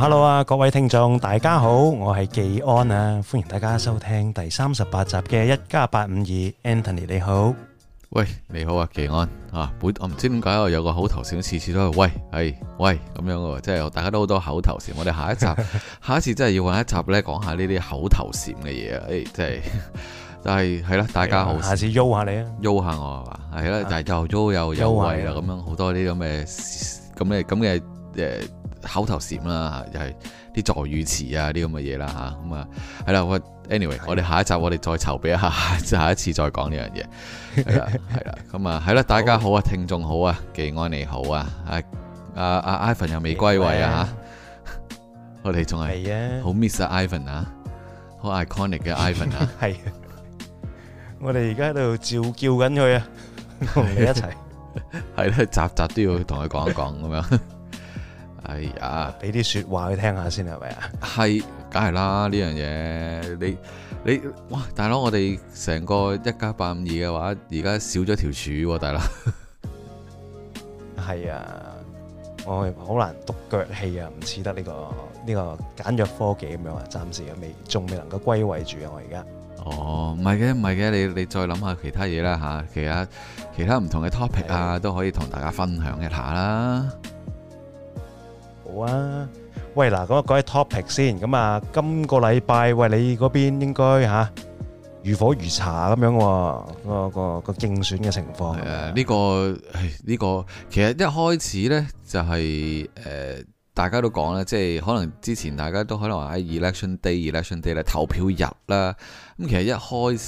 Hello 啊，各位聽眾，大家好，我係紀安啊，歡迎大家收聽第三十八集嘅一加八五二，Anthony 你好，喂，你好啊，紀安啊，本我唔知點解我有個口頭禪，次次都係喂，係喂咁樣嘅，即係大家都好多口頭禪，我哋下一集， 下一次真係要揾一集咧，講下呢啲口頭禪嘅嘢啊，誒、哎，即係，但係係啦，大家好， 下次喐下你啊喐下我係嘛？係啦，就係 又喐又又喂啦，咁樣好多啲咁嘅，咁嘅咁嘅誒。口頭禪啦，又係啲助語詞啊，啲咁嘅嘢啦嚇，咁啊係啦，我 anyway，我哋下一集我哋再籌備一下，下一次再講呢樣嘢，係啦、 啊，係啦，咁啊係啦，大家好啊，好聽眾好啊，記安你好啊，阿阿阿 Ivan 又未歸位啊，吓，我哋仲係，啊，好 miss 阿 Ivan 啊，好 iconic 嘅 Ivan 啊，係麼、啊，我哋而家喺度照叫緊佢啊，同 ic 你一齊，係啦， 集集都要同佢講一講咁樣。 係啊，俾啲說話佢聽下先，係咪啊？係，梗係啦，呢樣嘢你你哇，大佬，我哋成個一家八五二嘅話，而家少咗條柱喎，大佬。係啊， 啊，我好難獨腳戲啊，唔似得呢個呢個簡約科技咁樣啊，暫時未仲未能夠歸位住啊，我而家。哦，唔係嘅，唔係嘅，你你再諗下其他嘢啦嚇，其他其他唔同嘅 topic 啊，的都可以同大家分享一下啦。好啊，喂嗱，咁啊講 topic 先，咁啊今個禮拜喂你嗰邊應該吓、啊、如火如荼咁樣、啊，個個競選嘅情況。誒呢、啊吧這個呢、這個其實一開始咧就係、是、誒、呃、大家都講啦，即係可能之前大家都可能話喺 election day，election day 咧 election day, 投票日啦。咁其實一開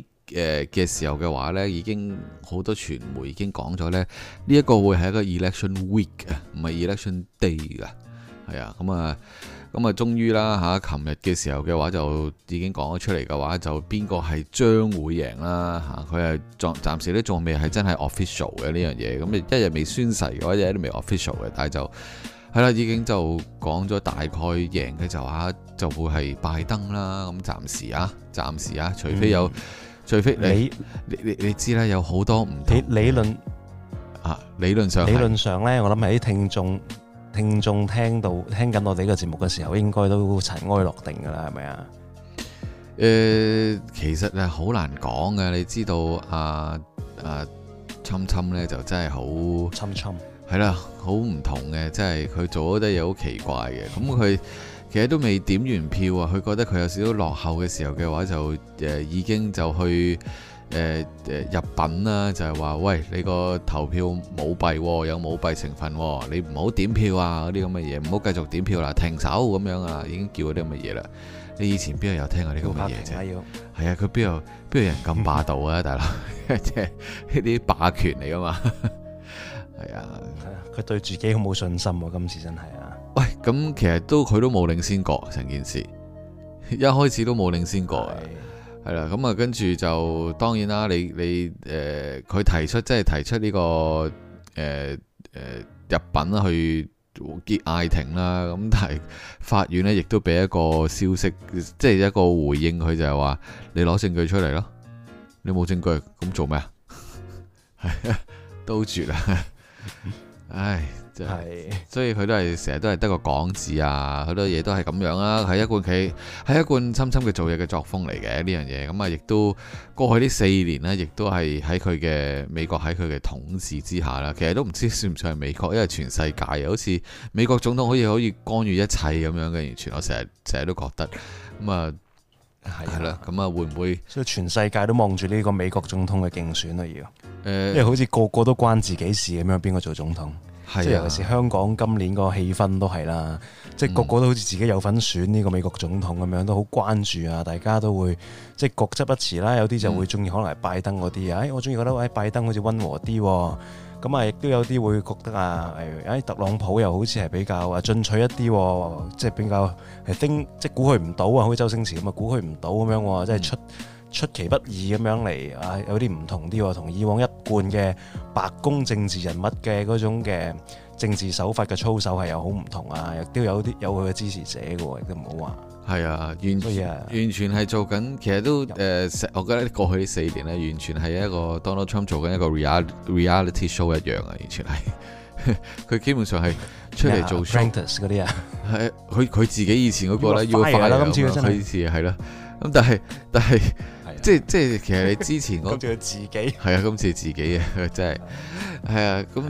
始。誒嘅時候嘅話呢，已經好多傳媒已經講咗呢。呢、這個、一個會係一個 election week 啊，唔係 election day 噶，係、嗯嗯、啊，咁啊，咁啊，終於啦嚇，琴日嘅時候嘅話就已經講咗出嚟嘅話，就邊個係將會贏啦嚇，佢係暫暫時咧仲未係真係 official 嘅呢樣嘢，咁一日未宣誓嘅話，一日都未 official 嘅，但係就係啦，已經就講咗大概贏嘅就嚇，就會係拜登啦，咁暫時啊，暫時啊，除非有。除非你你你你，你知啦，有好多唔同理。理理論啊，理論上理論上咧，我諗喺啲聽眾聽眾聽到聽緊我哋呢個節目嘅時候，應該都塵埃落定㗎喇，係咪啊？誒、呃，其實啊，好難講嘅。你知道阿阿 Trump 咧，啊啊、Trump Trump 就真係好 Trump，係啦 Trump Trump.，好唔同嘅，即係佢做嗰啲嘢好奇怪嘅，咁佢。嗯其實都未點完票啊！佢覺得佢有少少落後嘅時候嘅話就，就、呃、誒已經就去誒誒、呃、入稟啦，就係、是、話，喂，你個投票舞弊、哦，有舞弊成分、哦，你唔好點票啊！嗰啲咁嘅嘢，唔好繼續點票啦，停手咁樣啊！已經叫嗰啲咁嘅嘢啦。你以前邊度有聽過呢啲咁嘅嘢啫？係啊，佢邊度邊度人咁霸道啊，大佬，即係呢啲霸權嚟㗎嘛？係 啊，佢對自己好冇信心喎、啊，今次真係。喂，咁其實都佢都冇領先過成件事， 一開始都冇領先過嘅，係啦的，咁啊，跟住就當然啦，你你誒，佢、呃、提出即係提出呢、這個誒誒、呃呃、入稟去結嗌停啦，咁但係法院呢，亦都俾一個消息，即係一個回應，佢就係話你攞證據出嚟咯，你冇證據，咁做咩啊？ 都絕啦絕， 唉。即係，嗯、 所以佢都係成日都係得個講字啊，好多嘢都係咁樣啦、啊，係一貫企，係一貫侵侵嘅做嘢嘅作風嚟嘅呢樣嘢。咁啊，亦都過去呢四年呢，亦都係喺佢嘅美國喺佢嘅統治之下啦。其實都唔知算唔算係美國，因為全世界又好似美國總統可以可以干預一切咁樣嘅完全。我成日成日都覺得咁啊，係啦。咁、嗯嗯、啊，嗯、會唔會所以全世界都望住呢個美國總統嘅競選啊？要，因為好似個個都關自己事咁樣，邊個做總統？即係尤其是香港今年個氣氛都係啦，即係個個都好似自己有份選呢個美國總統咁樣，都好關注啊！大家都會即係各執不持啦，有啲就會鍾意可能係拜登嗰啲啊，我鍾意覺得誒、哎、拜登好似温和啲咁啊，亦都有啲會覺得啊誒、哎、特朗普又好似係比較啊進取一啲、哦，即係比較係升即係估佢唔到啊，好似周星馳咁啊估佢唔到咁樣，樣哦、即係出。嗯出其不意咁樣嚟啊，有啲唔同啲，同以往一貫嘅白宮政治人物嘅嗰種嘅政治手法嘅操守係有好唔同啊，亦都有啲有佢嘅支持者嘅，都唔好話。係啊，完、啊、完全係做緊，其實都誒、呃，我覺得過去呢四年咧，完全係一個 Donald Trump 做緊一個 reality reality show 一樣啊，完全係佢基本上係出嚟做 show 嗰啲啊。係，佢佢自己以前嗰、嗰個咧、嗰個、要快今次佢以前係啦，咁但係但係。即係即係，其實你之前講住 自己，係啊，今次自己 啊，真係，係啊，咁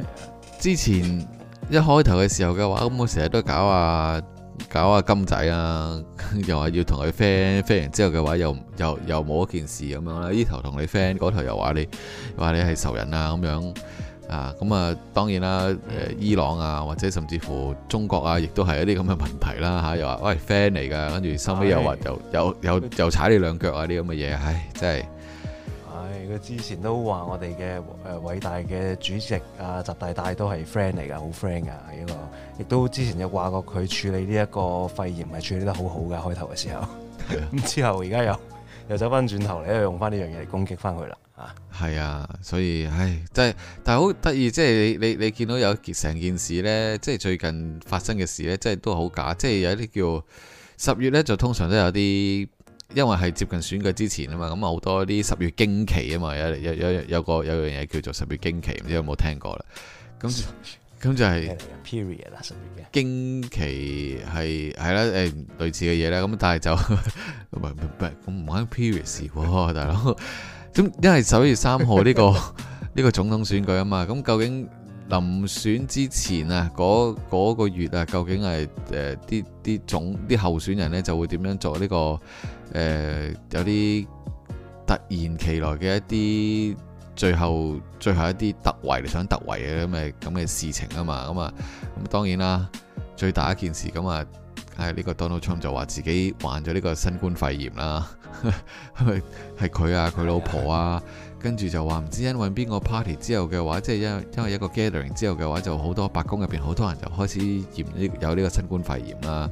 之前一開頭嘅時候嘅話，咁我成日都搞啊搞啊金仔啊，又話要同佢 friend，friend 完之後嘅話又，又又又冇一件事咁樣啦，呢頭同你 friend，嗰頭又話你話你係仇人啊咁樣。啊，咁啊，當然啦，誒伊朗啊，或者甚至乎中國啊，亦都係一啲咁嘅問題啦嚇、啊。又話喂 friend 嚟噶，跟住收尾又話、哎、又又知又踩你兩腳啊！啲咁嘅嘢，唉、哎，真係。唉、哎，佢之前都話我哋嘅誒偉大嘅主席啊，習大大都係 friend 嚟噶，好 friend 噶呢個。亦都之前有話過佢處理呢一個肺炎係處理得好好嘅開頭嘅時候。咁的 之後而家又又走翻轉頭嚟，又用翻呢樣嘢嚟攻擊翻佢啦。係啊, 啊，所以唉，真係但係好得意，即係你你你見到有成件事呢，即係最近發生嘅事呢，即係都好假，即係有啲叫十月呢，就通常都有啲，因為係接近選舉之前啊嘛，咁啊好多啲十月驚奇啊嘛，有有有有個有樣嘢叫做十月驚奇，唔知有冇聽過啦？咁咁就係 period 啦，十月驚奇係係啦，誒、啊、類似嘅嘢啦，咁但係就唔唔唔咁唔關 period 事喎、啊，大佬。咁，因為十一月三號呢、這個呢 個總統選舉啊嘛，咁究竟臨選之前啊，嗰、那個月啊，究竟係誒啲啲總啲候選人呢就會點樣做呢、這個誒、呃、有啲突然其來嘅一啲最後最後一啲突圍你想突圍嘅咁嘅咁嘅事情啊嘛，咁啊咁當然啦，最大一件事咁、就、啊、是，係呢個 Donald Trump 就話自己患咗呢個新冠肺炎啦。係佢 啊？佢老婆啊？的跟住就話唔知因為邊個 party 之後嘅話，即係因因為一個 gathering 之後嘅話就，就好多白宮入邊好多人就開始驗呢有呢個新冠肺炎啦、啊。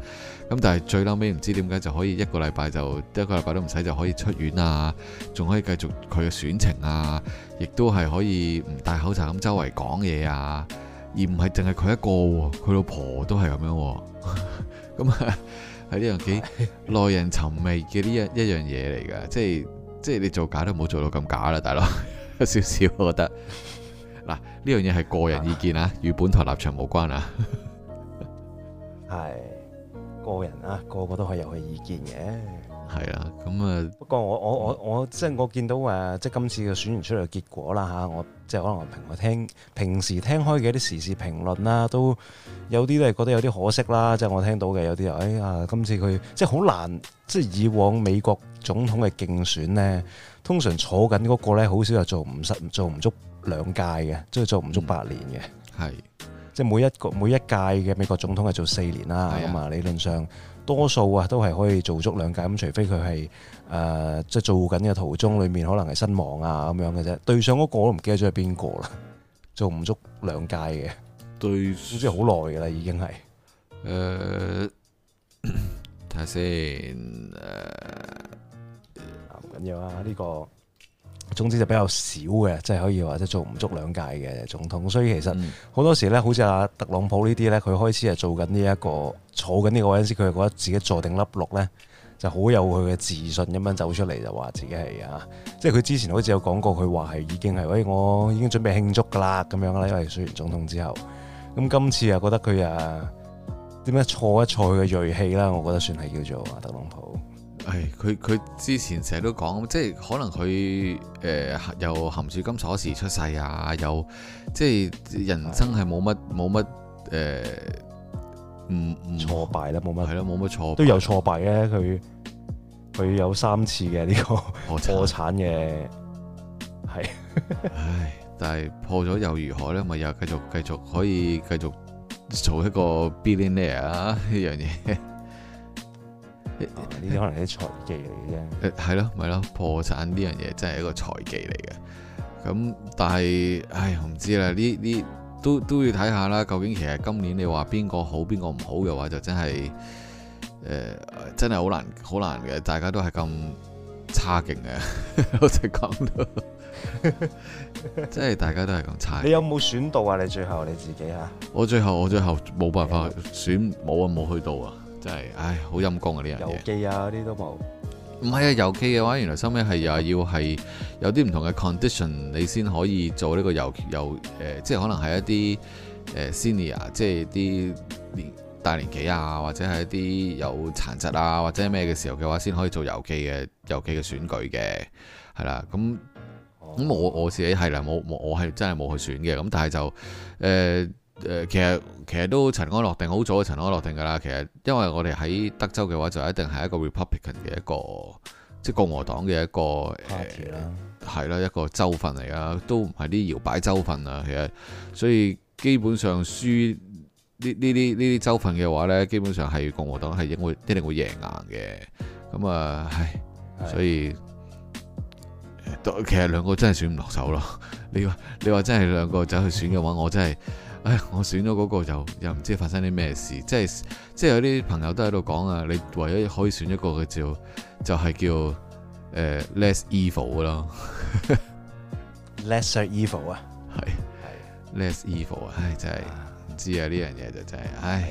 咁但係最嬲尾，唔知點解就可以一個禮拜就一個禮拜都唔使就可以出院啊，仲可以繼續佢嘅選情啊，亦都係可以唔戴口罩咁周圍講嘢啊，而唔係淨係佢一個、啊，佢老婆都係咁樣。咁啊。 嗯 係呢樣幾耐人尋味嘅呢一一樣嘢嚟㗎，即係即係你做假都唔好做到咁假啦，大佬，有少少，我覺得。嗱，呢樣嘢係個人意見啊，與本台立場無關啊。係、哎、個人啊，個個都可以有佢意見嘅。係啊，咁啊，嗯、不過我我我我即係我見到誒，即係今次嘅選完出嚟嘅結果啦吓、啊，我即係可能我平我聽平時聽開嘅一啲時事評論啦，都有啲都係覺得有啲可惜啦，即係我聽到嘅有啲又，哎呀，今次佢即係好難，即係以往美國總統嘅競選呢，通常坐緊嗰個呢，好少係做唔足，做唔足兩屆嘅，即係做唔足八年嘅，係、嗯。即係每一個每一屆嘅美國總統係做四年啦，咁啊理論上多數啊都係可以做足兩屆，咁除非佢係誒即係做緊嘅途中裏面可能係身亡啊咁樣嘅啫。對上嗰個我都唔記得咗係邊個啦，做唔足兩屆嘅，對即係好耐嘅啦已經係。誒，睇下先誒，唔緊要啊呢個。總之就比較少嘅，即係可以話即係做唔足兩屆嘅總統，所以其實好多時咧，嗯、好似阿特朗普呢啲咧，佢開始係做緊呢一個坐緊呢個位陣時，佢覺得自己坐定粒六咧，就好有佢嘅自信咁樣走出嚟就話自己係啊，即係佢之前好似有講過，佢話係已經係，喂、哎、我已經準備慶祝噶啦咁樣啦，因為選完總統之後，咁今次又覺得佢啊，點樣錯一錯佢嘅銳氣啦，我覺得算係叫做特朗普。係佢佢之前成日都講，即係可能佢誒又含住金鎖匙出世啊，又即係人生係冇乜冇乜誒，唔唔、呃、挫敗啦，冇乜係咯，冇乜挫都有挫敗嘅，佢佢有三次嘅呢、這個破產嘅係，破產 唉，但係破咗又如何咧？咪又繼續繼續可以繼續做一個 billionaire 呢樣嘢？呢啲、啊、可能係啲財技嚟嘅，係咯、啊，咪、啊、咯、啊就是啊，破產呢樣嘢真係一個財技嚟嘅。咁但係，唉、哎，唔知啦，呢呢都都要睇下啦。究竟其實今年你話邊個好，邊個唔好嘅話，就真係，誒、呃，真係好難，好難嘅。大家都係咁差勁嘅， 我直講到，即係大家都係咁差。你有冇選到啊？你最後你自己啊？我最後我最後冇辦法 選，冇啊冇去到啊。唉，好陰功啊！呢樣嘢郵寄啊，嗰啲都冇。唔係啊，郵寄嘅話，原來收尾係又要係有啲唔同嘅 condition，你先可以做呢個郵郵誒，即係可能係一啲誒、呃、senior，即係啲年大年紀啊，或者係一啲有殘疾啊，或者咩嘅時候嘅話，先可以做郵寄嘅郵寄嘅選舉嘅，係啦。咁咁、哦、我我自己係啦，冇我係真係冇去選嘅。咁但係就誒。呃誒，其實其實都塵埃落定好早咗，塵埃落定噶啦。其實因為我哋喺德州嘅話，就一定係一個 Republican 嘅一個，即係共和黨嘅一個。派票啦，係啦，一個州份嚟㗎，都唔係啲搖擺州份啊。其實，所以基本上輸呢，呢啲呢啲州份嘅話呢，基本上係共和黨係應會一定會贏硬嘅。咁、嗯、啊，係、呃，所以，Yeah. 其實兩個真係選唔落手咯。你話你話真係兩個走去選嘅話，我真係。唉，我選咗嗰、那個就又唔知發生啲咩事，即係即係有啲朋友都喺度講啊，你唯一可以選一個嘅就就係、是、叫誒、呃、less evil 咯，less evil 啊，係 less evil 啊，唉真係唔知啊呢樣嘢就真係唉。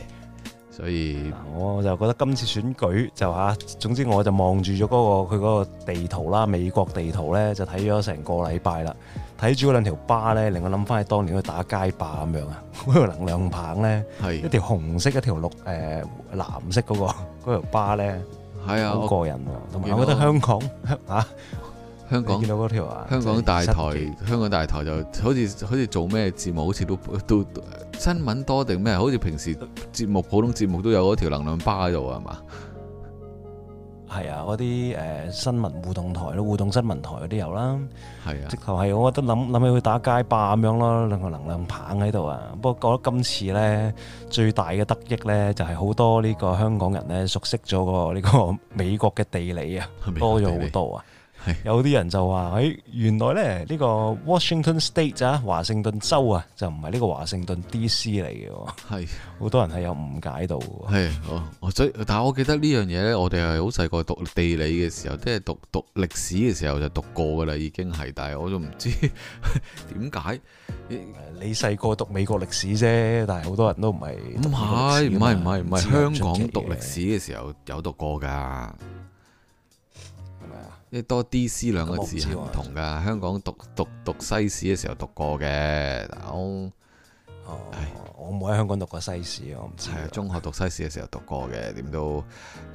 所以，我就覺得今次選舉就嚇、啊，總之我就望住咗嗰佢嗰個地圖啦，美國地圖咧就睇咗成個禮拜啦，睇住嗰兩條巴咧，令我諗翻起當年去打街霸咁樣啊，嗰、嗰個、能量棒咧，係的一條紅色一條綠誒、呃、藍色嗰、嗰個嗰條巴咧，係啊的，好過癮啊，同埋我，我覺得香港，嚇道。 啊香港到香港大台，香港大台就好似好似做咩節目，好似都都新聞多定咩？好似平時節目普通節目都有嗰條能量巴喺度啊，係嘛？係啊，嗰啲誒新聞互動台咯，互動新聞台嗰啲有啦。係啊，直頭係我覺得諗諗起會打街霸咁樣咯，兩個能量棒喺度啊。不過我覺得今次呢，最大嘅得益呢，就係、是、好多呢個香港人呢，熟悉咗個呢個美國嘅地理啊，多咗好多啊。有啲人就話，誒、欸，原來咧呢、這個 Washington State 啊，華盛頓州啊，就唔係呢個華盛頓 D.C. 嚟嘅。係是，好多人係有誤解到。係，我所以，但我記得呢樣嘢咧，我哋係好細個讀地理嘅時候，即係讀讀歷史嘅時候就讀過噶啦，已經係，但係我都唔知點解 麼你細個讀美國歷史啫，但係好多人都唔係。係，唔係唔係唔係香港讀歷史嘅時候有讀過噶。一多 D.C. 兩個字係唔、嗯、同㗎，香港讀讀讀西史嘅時候讀過嘅，哦、唉我，我冇喺香港讀過西史，我唔知。係啊，中學讀西史嘅時候讀過嘅，點都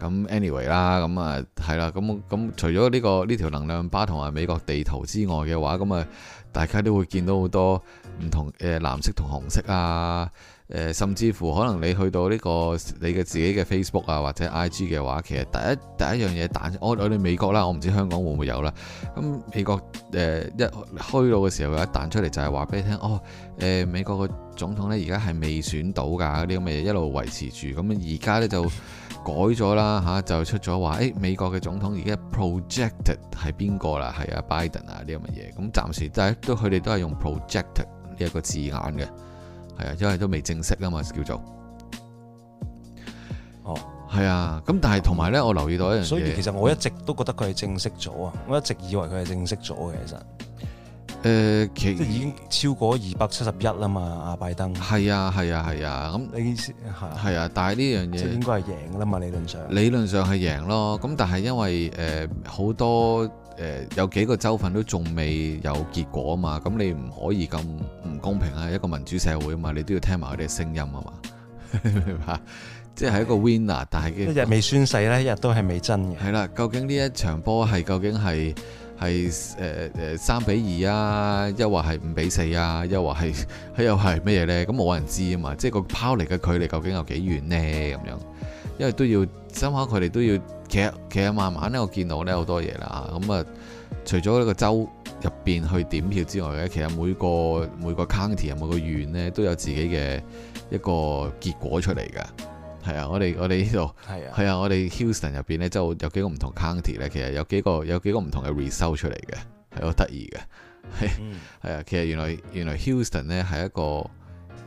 咁 anyway 啦，咁啊係啦，咁咁除咗呢、這個呢條、這個、能量巴同埋美國地圖之外嘅話，咁啊大家都會見到好多唔同誒藍色同紅色啊。誒、呃，甚至乎可能你去到呢、這個你嘅自己嘅 Facebook 啊，或者 IG 嘅話，其實第一第一樣嘢彈，我我哋美國啦，我唔知香港會唔會有啦。咁、嗯、美國誒、呃、一開到嘅時候有一彈出嚟就係話俾你聽，哦，誒、呃、美國嘅總統呢，而家係未選到㗎，嗯、呢個乜嘢一路維持住。咁而家呢就改咗啦，吓、啊，就出咗話，誒美國嘅總統而家 projected 係邊個啦？係啊，拜登啊，呢個乜嘢？咁暫、嗯、時都係都佢哋都係用 projected 呢一個字眼嘅。誒，因為都未正式啊嘛，叫做，哦，係啊，咁但係同埋咧，我留意到一樣嘢，所以其實我一直都覺得佢係正式咗啊，我一直以為佢係正式咗嘅，其實，誒，即係已經超過二百七十一啦嘛，阿拜登，係啊，係啊，係啊，咁你意思係啊，但係呢樣嘢應該係贏啦嘛，理論上，理論上係贏咯，咁但係因為誒好多。誒，有幾個州份都仲未有結果啊嘛，咁你唔可以咁唔公平啊！一個民主社會啊嘛，你都要聽埋佢哋聲音啊嘛， 即係一個 winner，但係一日未宣誓呢，一日都係未真嘅。係啦、嗯，究竟呢一場波係究竟係係誒誒三比二啊，抑或係五比四啊，抑或係佢又係咩嘢呢？咁冇人知啊嘛，即係個拋離嘅距離究竟有幾遠呢？咁樣，因為都要心口，佢哋都要。其實其實慢慢咧，我見到咧好多嘢啦咁啊、嗯，除咗呢個州入邊去點票之外咧，其實每個每個 county 每個縣呢，都有自己嘅一個結果出嚟嘅。係啊，我哋我哋呢度係啊，係啊，我哋 Houston 入邊咧就有幾個唔同 county 咧，其實有幾個有幾個唔同嘅 result 出嚟嘅，係好得意嘅。係 係、嗯、啊，其實原來原來 Houston 咧係一個誒、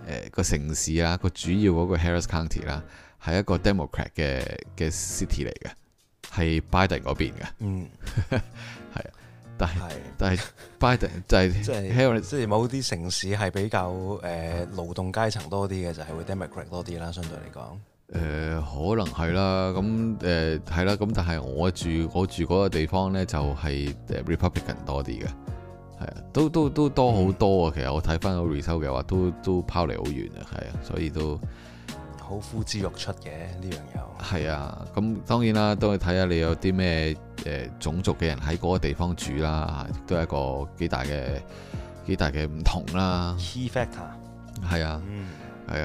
呃、個城市啊，個主要嗰個 Harris County 啦，係一個 Democrat 嘅嘅 city 嚟嘅。係拜登嗰邊嘅，嗯，係， 但係是但係拜登就係即係希望即係某啲城市係比較誒、呃、勞動階層多啲嘅，嗯、就係會 Democrat 多啲啦，相對嚟講，誒、嗯呃、可能係啦，咁誒係啦，咁但係我住、嗯、我住嗰個地方咧，就係誒 Republican 多啲嘅，係啊，都都都多好多啊，嗯、其實我睇翻個 research 嘅話都，都都拋離好遠啊，係啊，所以都。好呼之欲出嘅呢樣嘢。係、這個、啊，咁當然啦，都要睇下你有啲咩誒種族嘅人喺嗰個地方住啦，亦、啊、都係一個幾大嘅幾大嘅唔同啦。Key factor。係啊，係、嗯、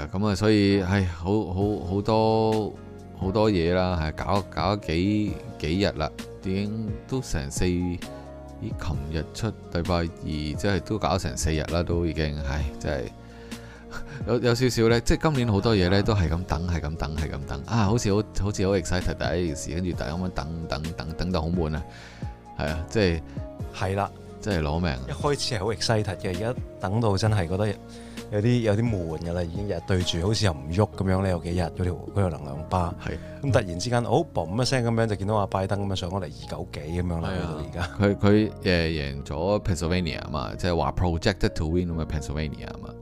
啊，咁啊，所以係、哎、好好好多好多嘢啦，係搞搞咗幾幾日啦，已經都成四，咦？琴日出禮拜二，即係都搞成四日啦，都已經係、哎、真係。有有少少咧，即係今年好多嘢咧，都係咁等，係咁等，係咁等，等啊！好似好好似好 excited 第一件事，跟住大家咁樣等等等等到好悶啊！係啊，即係係啦，即係攞命。一開始係好 excited 嘅，而家等到真係覺得有啲有啲悶噶啦，已經日日對住，好似又唔喐咁樣呢。有幾日嗰條嗰條能量巴係咁、啊、突然之間，好嘣一聲咁樣就見到阿拜登咁啊上咗嚟二九幾咁樣啦。而家佢佢誒贏咗 Pennsylvania 嘛，即係話 projected to win 咁啊 Pennsylvania 嘛。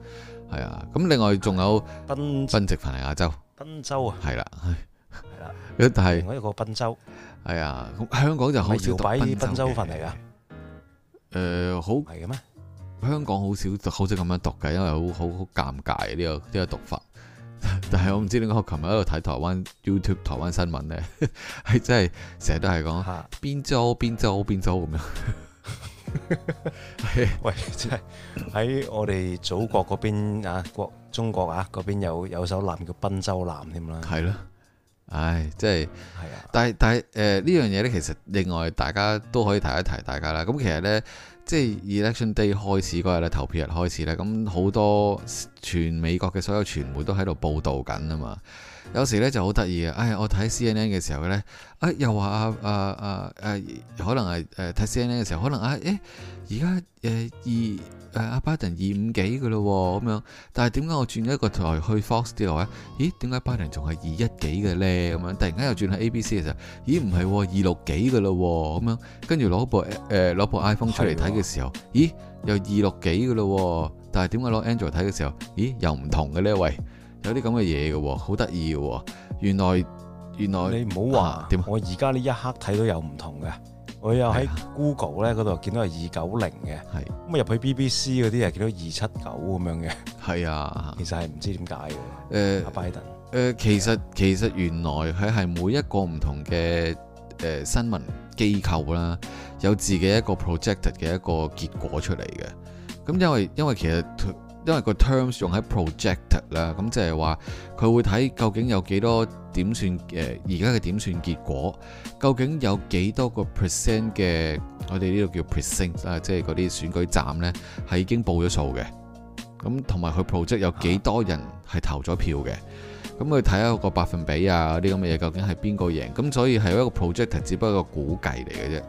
係啊，咁另外仲有賓賓夕凡尼亞州，賓州啊，係啦，係啦，一提一個賓州，係啊、哎，咁香港就好少讀賓州份嚟嘅，誒、呃，好係嘅咩？香港好少好少咁樣讀嘅，因為好好好尷尬呢、這個呢、這個讀法。 但係我唔知點解我琴日喺度睇台灣 YouTube 台灣新聞咧，係 真係成日都係講賓州賓州賓州咁樣。 喂，即係喺我哋祖國嗰邊啊，國中國啊嗰邊有有首男叫濱州男添啦，係咯、啊，唉，即係，係啊，但係但係誒呢樣嘢呢，其實另外大家都可以提一提大家啦。咁其實呢，即係 Election Day 開始嗰日咧，投票日開始咧，咁好多全美國嘅所有傳媒都喺度報道緊啊嘛。有時咧就好得意嘅，唉，我睇 CNN 嘅時候咧，啊又話啊啊啊，可能係誒睇 CNN 嘅時候，可能啊，誒而家誒二誒阿 Biden 二五幾嘅咯喎，咁樣，但係點解我轉咗一個台去 Fox 之外咧？咦，點解 Biden 仲係二一幾嘅咧？咁樣，突然間又轉去 ABC 嘅時候，咦，唔係、哦、二六幾嘅咯喎，咁樣，跟住攞部誒攞、呃、部 iPhone 出嚟睇嘅時候，咦，又二六幾嘅咯喎，但係點解攞 Android 睇嘅時候，咦，又唔同嘅呢？喂！有啲咁嘅嘢嘅喎，好得意嘅喎，原來原來你唔好話點，我而家呢一刻睇到有唔同嘅，我又喺 Google 咧嗰度見到係二九零嘅，係咁入去 BBC 嗰啲又見到二七九咁樣嘅，係啊，其實係唔知點解嘅。誒阿拜登誒，其實其實原來佢係每一個唔同嘅誒新聞機構啦，有自己一個 project 嘅一個結果出嚟嘅。咁因為因為其實因為個 terms 用喺 project 啦，咁即係話佢會睇究竟有幾多點算誒而家嘅點算結果，究竟有幾多個 percent 嘅我哋呢度叫 precinct 啊，即係嗰啲選舉站呢，係已經報咗數嘅，咁同埋佢 project 有幾 pro 多人係投咗票嘅，咁佢睇下個百分比，啊啲咁嘅嘢究竟係邊個贏，咁所以係一個 project 只不過個估計嚟嘅啫。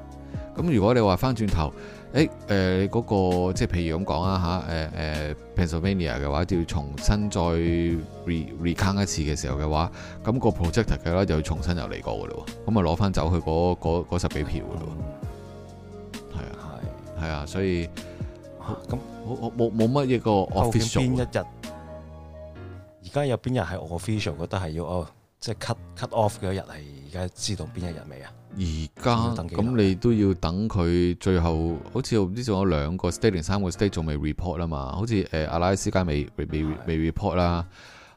咁如果你話翻轉頭，誒誒，嗰、欸呃那個即係譬如咁講啦吓，誒、啊、誒、呃、，Pennsylvania 嘅話，話、那個、話就要重新再 re recount 一次嘅時候嘅話，咁、那個 projector 咧就要重新又嚟過噶咯，咁啊攞翻走去嗰嗰十幾票噶咯，係、嗯、啊係係啊，啊，所以咁我我冇冇乜嘢個 official 邊一日？而家有邊日係 official？覺得係要哦，即係 cut cut off 嘅一日係而家知道邊一日未啊？而家咁你都要等佢最後，好似我唔知仲有兩個 state 定三個 state 仲未 report 啊嘛，好似誒、呃、阿拉斯加未未未，未 report 啦，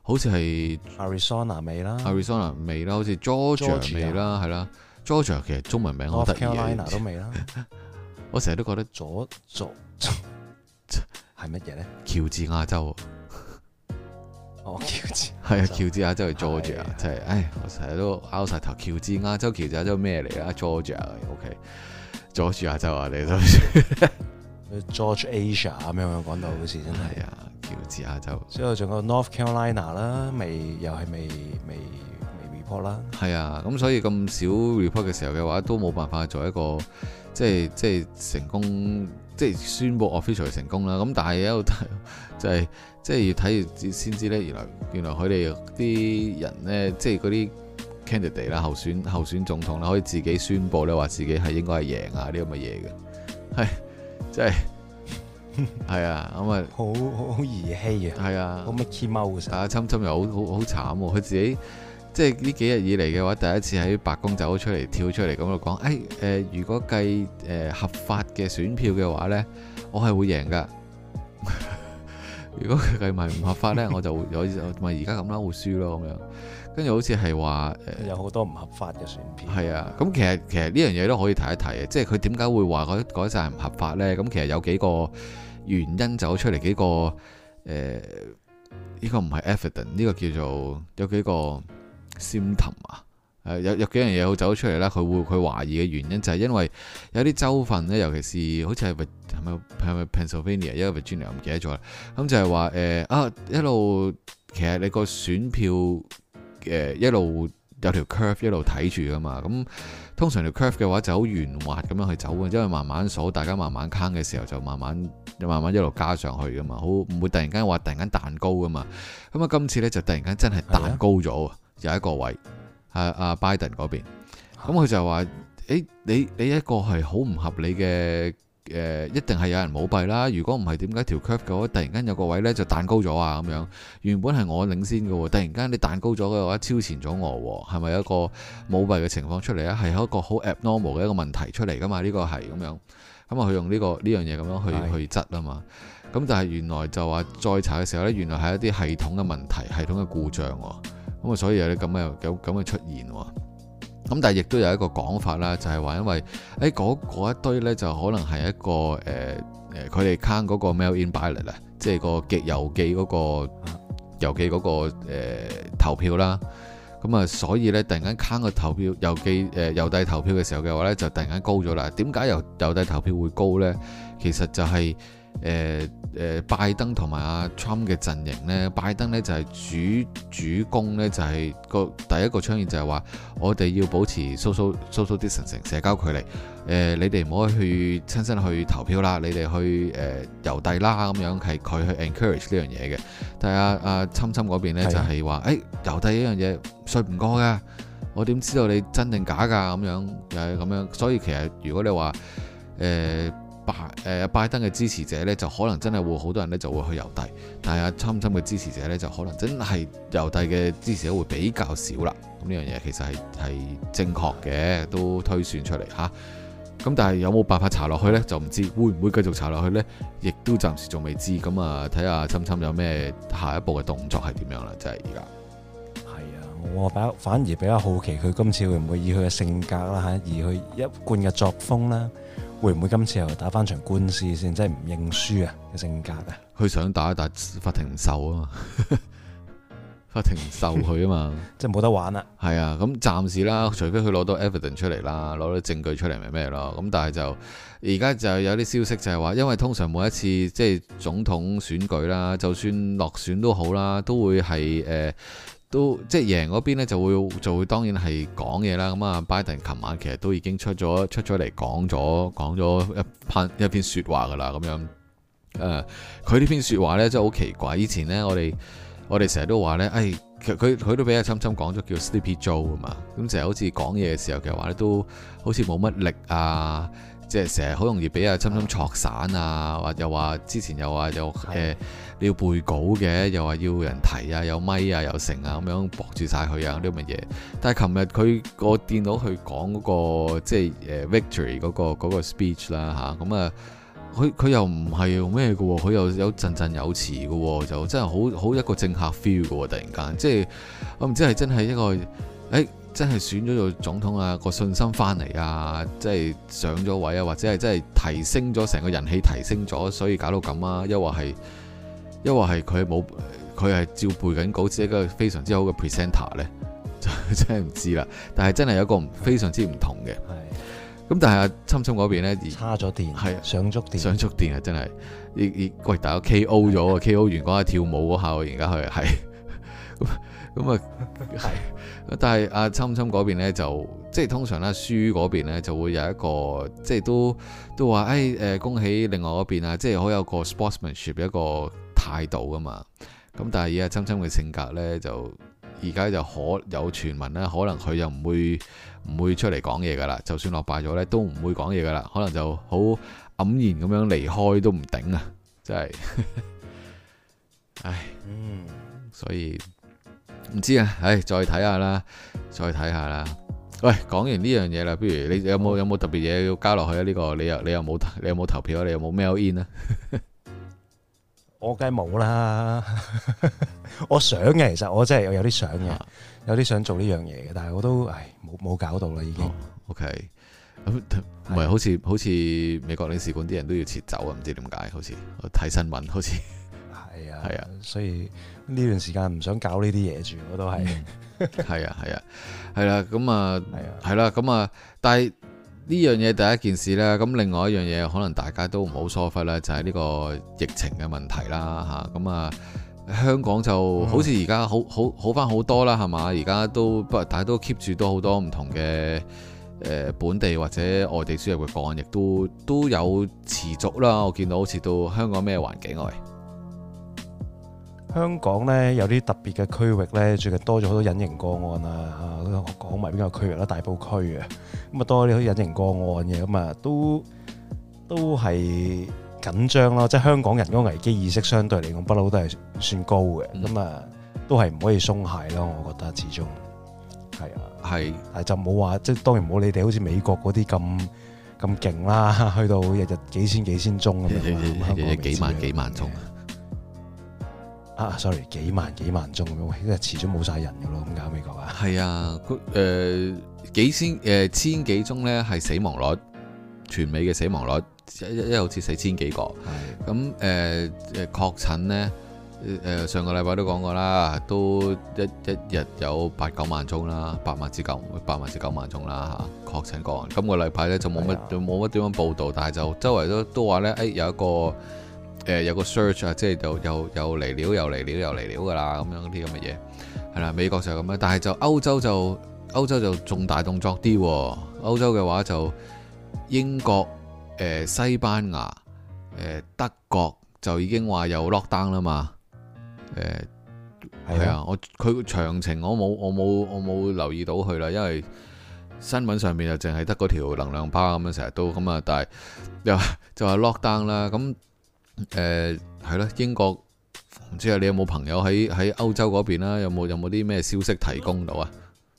好似係 Arizona 未啦，Arizona 未啦，好似 Georgia Georgia 未啦，係啦，Georgia 其實中文名好得意，我 Carolina 都未啦， 我成日都覺得佐佐係乜嘢咧？喬治亞州。哦，喬治係啊，喬治亞洲嘅 Georgia，即係，唉，我成日都拗晒頭，喬治亞洲，喬治亞洲咩嚟啊？Georgia，OK，左住亞洲啊，你都 George Asia 咁樣講到好似真係啊，喬治亞洲，之後仲有 North Carolina 啦，未又係未未未 report 啦，係啊，咁所以咁少 report 嘅時候嘅話，都冇辦法做一個即係即係成功，即係宣布 official 成功啦。咁但係一路就係。即係要睇住先知咧，原來原來佢哋啲人咧，即係嗰啲 candidate 啦，候選候選總統啦，可以自己宣佈咧，話自己係應該係贏啊呢咁嘅嘢嘅，係即係係啊咁啊，好好兒戲啊，係 啊，好咪黐貓嘅，啊，侵侵 又好好好，好慘喎，啊，佢自己即係呢幾日以嚟嘅話，第一次喺白宮走出嚟跳出嚟咁就講，誒誒，如果計誒合法嘅選票嘅話咧，我係會贏㗎。如果佢計埋唔合法咧，我就可以咪而家咁啦，會輸咯咁樣。跟住好似係話誒，呃、有好多唔合法嘅選票，係啊，咁其實其實呢樣嘢都可以提一提嘅，即係佢點解會話嗰嗰陣唔合法咧？咁其實有幾個原因，走出嚟幾個誒，呢、呃呢個唔係 evidence，呢個叫做有幾個 symptom 啊。誒、啊，有有幾樣嘢好走出嚟啦。佢會佢懷疑嘅原因就係因為有啲州份咧，尤其是好似係係咪係咪 Pennsylvania，一個係 Virginia 唔記得咗啦。咁就係話誒啊，一路其實你個選票誒、呃、一路有條 curve 一路睇住噶嘛。咁通常條 curve 嘅話就好圓滑咁樣去走嘅，因為慢慢數，大家慢慢 count 嘅時候就慢慢慢慢一路加上去噶嘛，好唔會突然間話突然間彈高噶嘛。咁啊，今次咧就突然間真係彈高咗啊，的有一個位。係阿拜登嗰邊，咁、嗯、佢就話：誒、欸、你你一個係好唔合理嘅，誒、呃、一定係有人舞弊啦。如果唔係點解條 curve 嘅話突然間有個位呢就彈高咗啊咁樣？原本係我領先嘅喎，突然間你彈高咗嘅話超前咗我，啊，係咪一個舞弊嘅情況出嚟啊？係一個好 abnormal 嘅一個問題出嚟噶嘛？呢、這個係咁樣，咁啊佢用呢、這個呢樣嘢咁樣去的去質啊嘛。咁但係原來就話再查嘅時候呢，原來係一啲系統嘅問題、系統嘅故障喎，啊。咁啊，所以有啲咁嘅有咁嘅出現喎。咁但係亦都有一個講法啦，就係、是、話因為誒嗰、欸、一堆呢，就可能係一個誒誒佢哋坑嗰個 mail in ballot 啊，即係個郵寄嗰、那個、嗯、郵寄嗰、那個、呃、投票啦。咁、嗯、啊，所以呢，突然間坑個投票郵寄誒、呃、郵遞投票嘅時候嘅話呢，就突然間高咗啦。點解郵郵遞投票會高呢？其實就係、是。誒誒、呃呃，拜登同埋阿 Trump 嘅陣營呢，拜登呢就係、是、主主攻呢，就係、是、個第一個倡議就係話，我哋要保持 social social distance 社交距離。誒、呃，你哋唔好去親身去投票啦，你哋去誒郵遞啦咁樣，係佢去 encourage 呢樣嘢嘅。但係阿阿 Trump 嗰邊咧、啊、就係話，誒郵遞呢樣嘢信唔過嘅，我點知道你真定假㗎咁樣，就係咁樣。所以其實如果你話誒、呃誒，拜登嘅支持者呢，就可能真係會好多人呢就會去郵遞。但係阿參參嘅支持者呢，就可能真係郵遞嘅支持者會比較少啦。咁呢樣嘢其實係係正確嘅，都推算出嚟吓。咁但係有冇辦法查落去呢？就唔知會唔會繼續查落去呢？亦都暫時仲未知。咁啊，睇下參參有咩下一步嘅動作係點樣啦，就係而家。係啊，我反而比較好奇，佢今次會唔會以佢嘅性格啦吓，而佢一貫嘅作風啦。會唔會今次又打翻場官司先？即係唔認輸啊嘅性格啊？佢想打，但法庭唔受啊嘛， 法庭唔受佢啊嘛， 即係冇得玩啊。係啊，咁暫時啦，除非佢攞到 evidence 出嚟啦，攞到證據出嚟咪咩咯。咁但係就而家就有啲消息就係話，因為通常每一次即係、就是、總統選舉啦，就算落選都好啦，都會係誒。呃都即係贏嗰邊咧，就會就會當然係講嘢啦。咁啊，Biden 琴晚其實都已經出咗出咗嚟講咗講咗一 p 一篇説話㗎啦。咁樣誒，佢、呃、呢篇説話咧真係好奇怪。以前咧，我哋我哋成日都，呢、哎、都琴琴 Joe, 常常話咧，誒，其實佢佢都畀阿深深講咗叫 Sleepy Joe 啊嘛。咁成日好似講嘢嘅時候其實話咧，都好似冇乜力啊。即係成日好容易俾阿侵心錯散啊！或又話之前又話又誒你要背稿嘅，又話要人提啊，有咪啊，有成啊咁樣，樣駁住晒佢啊啲乜嘢。但係琴日佢個電腦去講嗰、那個即係誒、uh, Victory 嗰、那個嗰、那個 speech 啦、啊、吓，咁啊佢佢、啊啊、又唔係用咩嘅喎？佢又有振振有，有，有詞嘅喎，就真係好好一個政客 feel 嘅喎！突然間即係我唔知係真係一個誒。欸真係選咗做總統啊！個信心翻嚟啊！即係上咗位啊，或者係真係提升咗成個人氣，提升咗，所以搞到咁啊！又或係，又或係佢冇佢係照背緊稿，似一個非常之好嘅 Presenter 咧，真真係唔知啦。但係真係有個非常之唔同嘅。係咁，但係阿侵侵嗰邊咧，差咗電，係上足電，上足電啊！真係，依依，喂，大佬 K O 咗啊！K O 完講下跳舞嗰下，我而家佢係咁咁啊，係。但係阿琛琛嗰邊呢，就即係通常啦、啊，輸嗰邊呢就會有一個即係都都話誒、哎呃、恭喜另外嗰邊啊，即係好有個 sportsmanship 一個態度噶嘛。咁但係阿琛琛嘅性格呢，就而家就可有傳聞呢，可能佢又唔會唔會出嚟講嘢噶啦，就算落敗咗呢都唔會講嘢噶啦，可能就好黯然咁樣離開都唔頂啊，真係 唉所以。唔知啊，唉，再睇下啦，再睇下啦。喂，講完呢樣嘢啦，不如你有冇有冇特別嘢要加落去啊？呢、這個你又你有冇你有冇投票啊？你有冇 mail in 啊 ？我梗係冇啦，我想嘅其實我真係有啲想嘅，有啲想做呢樣嘢嘅，但係我都唉冇冇搞到啦已經。哦、OK，唔係的好似好似美國領事館啲人都要撤走啊？唔知點解，好似我睇新聞，好似係啊係啊，的 的所以。呢段時間唔想搞呢啲嘢住，我都係，係 啊，係啊，係啦，咁啊，係啦、啊，咁啊，但係呢樣嘢第一件事咧，咁另外一樣嘢可能大家都唔好疏忽啦，就係、是、呢個疫情嘅問題啦，吓、啊，咁、嗯、啊，香港就好似而家好好好翻好多啦，係嘛？而家都，都不過大家都 keep 住多好多唔同嘅誒本地或者外地輸入嘅個案，亦都都有持續啦。我見到好似到香港咩環境外。香港咧，有啲特別嘅區域咧，最近多咗好多隱形個案啊！講埋邊個區域啦，大埔區啊，咁啊多啲隱形個案嘅，咁啊都都係緊張咯。即係香港人嗰個危機意識相對嚟講，不嬲都係算高嘅。咁啊、嗯、都係唔可以鬆懈咯。我覺得始終係啊，係是，但係就冇話即係當然冇你哋好似美國嗰啲咁咁勁啦，去到日日幾千幾千，幾千宗咁樣，香港幾萬幾萬，幾萬宗。啊，sorry，幾萬幾萬宗咁樣，因為遲咗冇晒人噶咯，咁解美國啊？係啊，佢、呃、誒幾千誒、呃、千幾宗咧，係死亡率，全美嘅死亡率一一、呃、好似死千幾個。係是的。咁誒誒確診咧，誒、呃、上個禮拜都講過啦，都一一日有八九萬宗啦，八萬至九，八萬至九萬宗啦嚇。確診個案，今個禮拜咧就冇乜，冇乜點樣報導，但係就周圍都都話咧，誒、哎、有一個。誒、呃、有個 search 啊，即係又又又嚟料，又嚟料，又嚟料噶啦，咁樣啲咁嘅嘢，係啦。美國就係咁啦，但係就歐洲就歐洲就仲大動作啲。歐洲嘅話就英國、誒、呃、西班牙、誒、呃、德國就已經話有 lockdown 啦嘛。誒、呃、係的啊，我佢詳情我冇我冇我冇留意到佢啦，因為新聞上面就淨係得嗰條能量包咁樣成日都咁啊，但係又就話 lockdown 啦咁。誒，係咯、嗯，英國，唔知你有冇朋友喺喺歐洲嗰邊啦？有冇有冇啲咩消息提供到啊？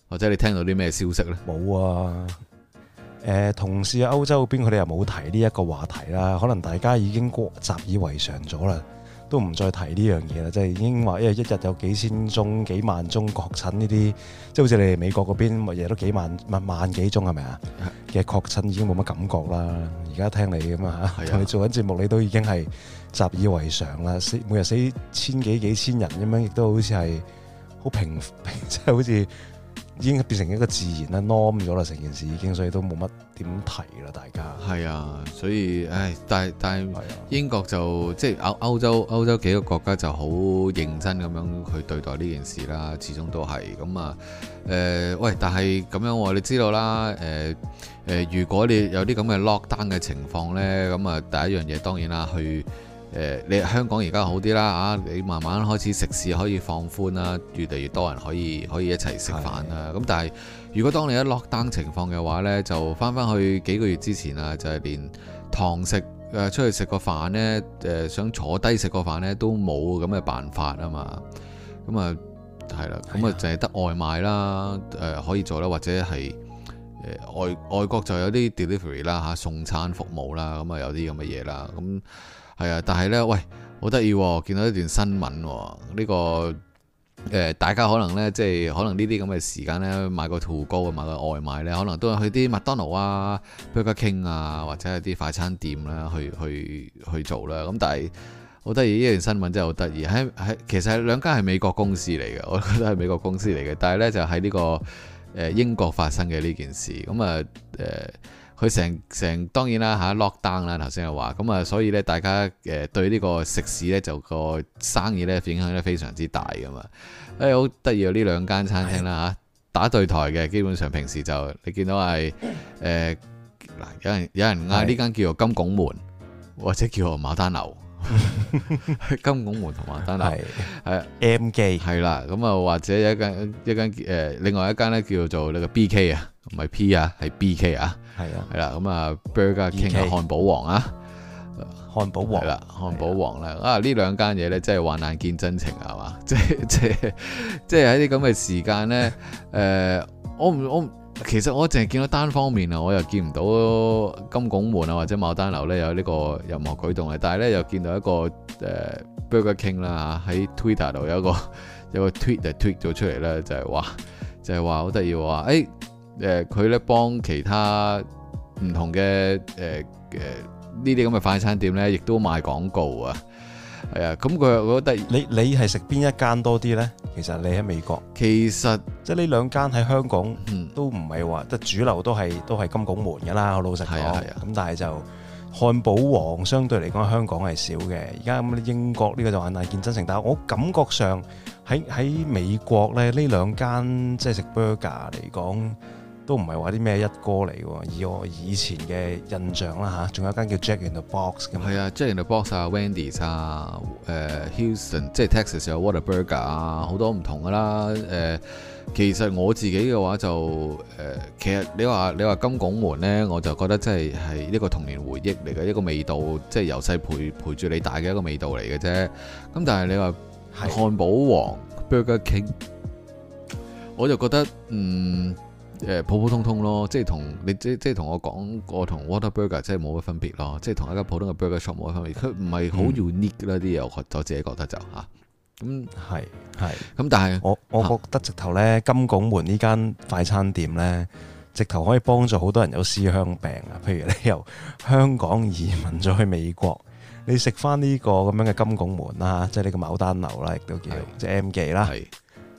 或者你聽到啲咩消息呢？冇啊，誒、呃，同事喺歐洲嗰邊佢哋又冇提呢一個話題啦，可能大家已經習以為常咗啦。都唔再提呢樣嘢啦，即係已經話，因為一日有幾千宗、幾萬宗確診呢啲，即係好似你哋美國嗰邊，日日都幾萬、萬幾宗係咪啊？其實 確診已經冇乜感覺啦。而家聽你咁啊，同你做緊節目，你都已經係習以為常啦。死每日死千幾、幾千人咁樣，亦都好似係好平，即係 好似。已經變成一個自然啦，norm 咗啦，成件事已經，所以都冇乜點提啦，大家。係啊，所以唉，但係但係英國就、啊、即係歐歐洲歐洲幾個國家就好認真咁樣去對待呢件事啦，始終都係咁啊。誒、呃、喂，但係咁樣、啊，你知道啦。誒、呃、誒、呃，如果你有啲咁嘅 lockdown 嘅情況呢，咁啊第一樣嘢當然啦，去。誒、呃，你香港而家好啲啦，嚇、啊、你慢慢開始食肆可以放寬啦，越嚟越多人可以可以一齊食飯啦。咁的但係，如果當你一落單情況嘅話呢，就翻翻去幾個月之前啊，就係、是、連堂食誒、呃、出去食個飯呢，誒、呃、想坐低食個飯呢都冇咁嘅辦法啊嘛。咁啊，係啦，咁啊，淨係得外賣啦，誒的、呃、可以做啦，或者係誒、呃、外外國就有啲 delivery 啦、啊、嚇送餐服務啦，咁啊有啲咁嘅嘢啦，咁。係啊，但係咧，喂，好得意，見到一段新聞、哦、呢、這個誒、呃，大家可能咧，即係可能呢啲咁嘅時間咧，買個吐高啊，買個外賣咧，可能都係去啲麥當勞啊、啊 Burger King 啊，或者係啲快餐店啦，去去去做啦。咁但係好得意，呢段新聞真係好得意。喺喺，其實係兩間係美國公司嚟嘅，我覺得係美國公司嚟嘅，但係咧就喺、是、呢、這個誒、呃、英國發生嘅呢件事。咁、嗯、啊，誒、呃。佢成成當然啦嚇、啊、lock down 啦，頭先又話咁啊、嗯，所以咧，大家誒、呃、對呢個食肆咧就個生意咧影響咧非常之大㗎嘛。誒好得意啊！呢兩間餐廳啦嚇打對台嘅，基本上平時就你見到係誒嗱，有人有人嗌呢間叫做金拱門，的或者叫做馬丹樓， 金拱門同馬丹樓係的 M 記係啦。咁啊，或者有一間一間誒、呃，另外一間咧叫做呢個 B K 啊，唔係 P 啊，係 B K 啊。係啊，係啦，咁啊，Burger King 啊，漢堡王啊，漢堡王啦，漢堡王咧，啊呢兩間嘢咧，真係患難見真情啊嘛，即係即係即係喺啲咁嘅時間咧，誒、呃，我唔我其實我淨係見到單方面啊，我又見唔到金拱門啊或者牡丹樓咧有呢個任何舉動啊，但係咧又見到一個誒、呃、Burger King 啦、啊、喺 Twitter 度有一個有一個 tweet 就 Tweet 咗出嚟咧，就係、是、話就係話好得意話，誒、哎。誒，佢咧幫其他唔同嘅誒誒呢啲咁嘅快餐店咧，亦都賣廣告啊，係啊，咁佢，我覺得你你係食邊一間多啲咧？其實你喺美國，其實即係呢兩間喺香港都唔係話即係主流，都係都係金拱門㗎啦。我老實講，咁但係就漢堡王相對嚟講，香港係少嘅。而家咁英國呢個就眼大見真誠，但係我感覺上喺喺美國咧呢兩間即係食 burger 嚟講。都唔係話啲咩一哥嚟嘅，以我以前嘅印象啦嚇，仲有一間叫 Jack in the Box 咁係啊，Jack in the Box 啊，Wendy 啊，誒、啊啊、Houston，即係 Texas 有 Water Burger 啊，好、啊、多唔同嘅啦。誒、啊，其實我自己嘅話就誒、啊，其實你話你話金拱門咧，我就覺得真係係一個童年回憶嚟嘅，一個味道，即係由細陪陪住你大嘅一個味道嚟嘅啫。咁但係你話係漢堡王的 Burger King，我就覺得嗯。誒，普普通通咯，即係同你即即係同我講過同 Water Burger 即係冇乜分別咯，即係同一間普通嘅 burger shop 冇乜分別，佢唔係好 unique 啦啲嘢，我、嗯、我自己覺得就吓，咁係係，咁但係是我我覺得直頭咧金拱門呢間快餐店咧，直頭可以幫助好多人有思鄉病啊！譬如你由香港移民咗去美國，你食翻呢個咁樣嘅金拱門啦，就是、是即係呢個牡丹樓啦，亦都叫即係 M 記啦。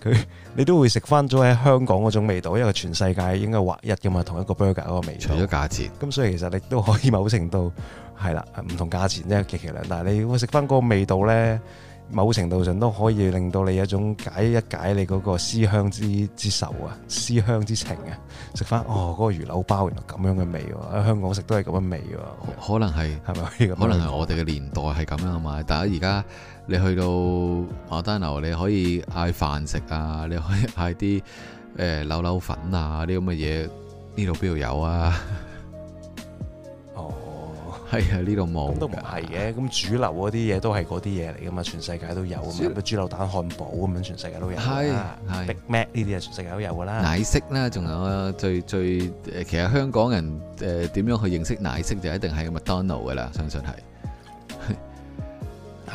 佢你都會食翻咗喺香港嗰種味道，因為全世界應該劃一噶嘛，同一個 burger 嗰個味道。除咗價錢，咁所以其實你都可以某程度係啦，唔同價錢啫，極其量。但係你會食翻嗰個味道咧，某程度上都可以令到你有一種解一解你嗰個思鄉之之愁啊，思鄉之情啊。食翻哦，嗰個魚柳包原來咁樣嘅味喎，喺香港食都係咁樣味喎。可能係係咪可能係我哋嘅年代係咁樣啊嘛，但係而家。你去到馬丹奴，你可以嗌飯食啊，你可以嗌啲誒扭扭粉啊啲咁嘅嘢，呢度邊度有啊？ 哦，係啊，呢度冇。都唔係嘅，咁主流嗰啲嘢都係嗰啲嘢嚟噶嘛，全世界都有啊嘛，主流豬柳蛋漢堡咁樣全世界都有，啊。係，係 Big Mac 呢啲全世界都有噶啦。奶昔啦，仲有啊，最最誒，其實香港人誒點、呃、樣去認識奶昔就一定係麥當勞噶啦，相信係。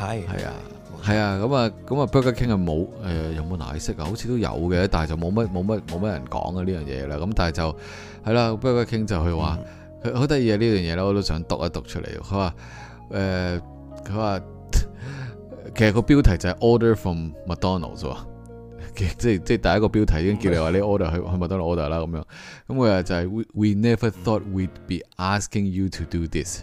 係，哎、啊，係啊、嗯，咁啊、嗯，咁啊、嗯、，Burger King 啊冇，誒、嗯、有冇奶昔啊？好似都有嘅，但係就冇乜冇乜冇乜人講、嗯、啊呢樣嘢啦。咁但係就係啦，Burger King 就佢話，佢好得意啊呢樣嘢啦，我都想讀一讀出嚟。佢話誒，佢、欸、話其實個標題就係、是、order from McDonald's 即即、嗯嗯、第一個標題已經叫你話你 order 去 去麥當勞 order 啦咁樣。咁佢就係、是、We never thought we'd be asking you to do this。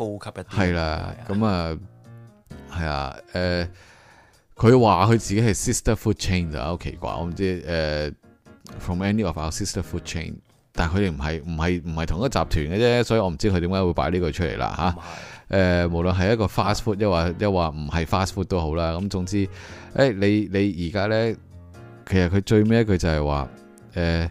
高級嘅係啦，咁啊的，係啊的，誒，佢話佢自己係 Sister Food Chain 就好奇怪，我唔知誒、呃、，From any of our 話翻 Sister Food Chain，但係佢哋唔係唔係唔係同一個集團嘅啫，所以我唔知佢點解會擺呢個出嚟啦吓，誒、啊的呃，無論係一個 Fast Food 又話又話唔係 Fast Food 都好啦，咁總之，誒、欸，你你而家咧，其實佢最尾一句就係話，誒、呃。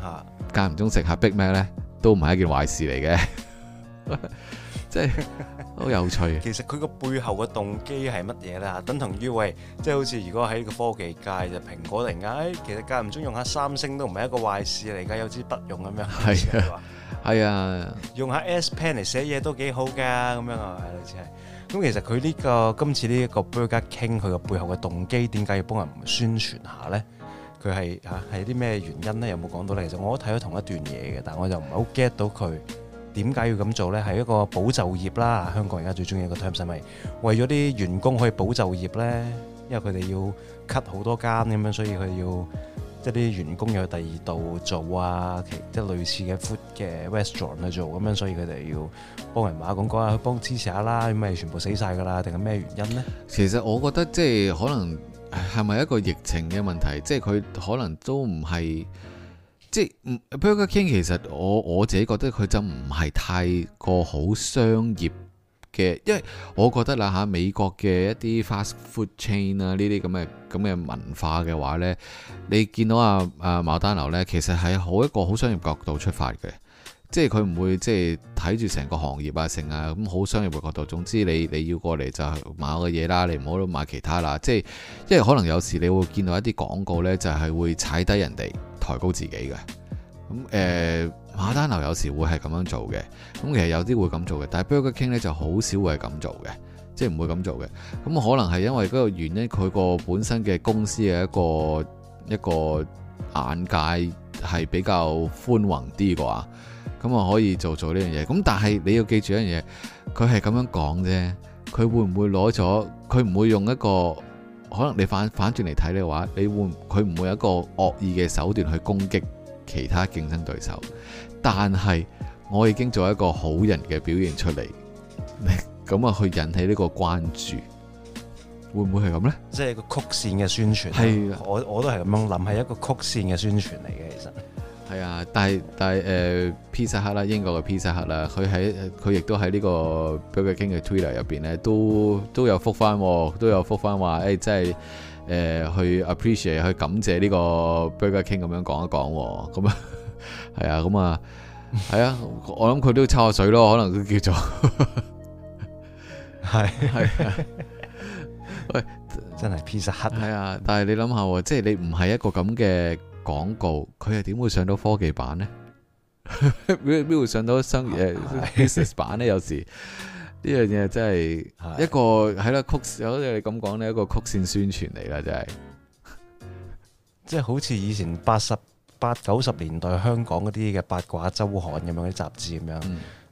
吓，間唔、啊、中食下逼咩 g 咧，都唔係一件壞事嚟嘅，即係好有趣。 其實佢個背後嘅動機係乜嘢咧？等同於喂，即係好似如果喺個科技界就蘋果嚟然、哎、其實間唔中用下三星都唔係一個壞事嚟噶，有支筆用咁樣。係啊，係啊，用下 S Pen 嚟寫嘢都幾好噶，咁樣啊，類似係。咁其實佢呢、這個今次呢一個 burger king 佢個背後嘅動機，點解要幫人宣傳下咧？佢係啊，係啲咩原因咧？有冇講到咧？其實我都睇咗同一段嘢嘅，但係我就唔係好 get 到佢點解要咁做咧？係一個保就業啦，香港而家最中意一個 term 係咪，為咗啲員工可以保就業咧，因為佢哋要 cut 好多間咁樣，所以佢要即係啲員工有第二度做啊，即係類似嘅 food 嘅 restaurant 去做咁樣，所以佢哋要幫人馬咁講啊，幫支持下啦，咁咪全部死晒㗎啦？定係咩原因咧？其實我覺得即係可能。係咪一個疫情嘅問題？即係佢可能都唔係，即係 burger king。其實我我自己覺得佢就唔係太過好商業嘅，因為我覺得啦吓，美國嘅一啲 fast food chain 啊呢啲咁嘅咁嘅文化嘅話呢，你見到啊啊，牡丹樓呢，其實係好一個好商業角度出發嘅。即係佢唔會即係睇住成個行業啊，成啊咁好商業嘅角度。總之你你要過嚟就買我嘅嘢啦，你唔好都買其他啦。即係因為可能有時你會見到一啲廣告呢，就係、是、會踩低人哋抬高自己嘅。咁誒、呃，馬丹流有時會係咁樣做嘅。咁其實有啲會咁做嘅，但係 Burger King 呢就好少會係咁做嘅，即係唔會咁做嘅。咁可能係因為嗰個原因，佢個本身嘅公司嘅一個一個眼界係比較寬宏啲啩。咁我可以做做呢樣嘢，咁但係你要記住一樣嘢，佢係咁樣講啫，佢會唔會攞咗？佢唔會用一個可能你反反轉嚟，睇，你嘅話，你會佢唔會有一個惡意嘅手段去攻擊其他競爭對手？但係我已經做一個好人嘅表現出嚟，咁啊去引起呢個關注，會唔會係咁呢？即係一個曲線嘅宣傳，係的我我都係咁樣諗，係一個曲線嘅宣傳嚟嘅，其實。係啊，但係但係誒，Pizza Hut 啦，Hut, 英國嘅 Pizza Hut 啦，佢喺佢亦都喺呢個 Burger King 嘅 Twitter 入邊咧，都都有覆翻，都有覆翻話，誒、欸，真係誒去、呃、appreciate 去感謝呢個 Burger King 咁樣講一講、喔，咁啊係啊，咁啊係啊， 我諗佢都抽下水咯，可能佢叫做係係，喂 也說， 真係 Pizza Hut 係啊，但係你諗下，即係你唔係一個咁嘅。hn 到 lleicht Howard 廣告佢又點會上到科技版呢？邊邊 會上到商業 版呢？有時呢 樣嘢真係一個喺啦曲，好似你咁講呢一個曲線宣傳嚟啦，真係。即係好似以前八十八九十年代香港嗰啲嘅八卦周刊咁樣嗰啲雜誌咁樣。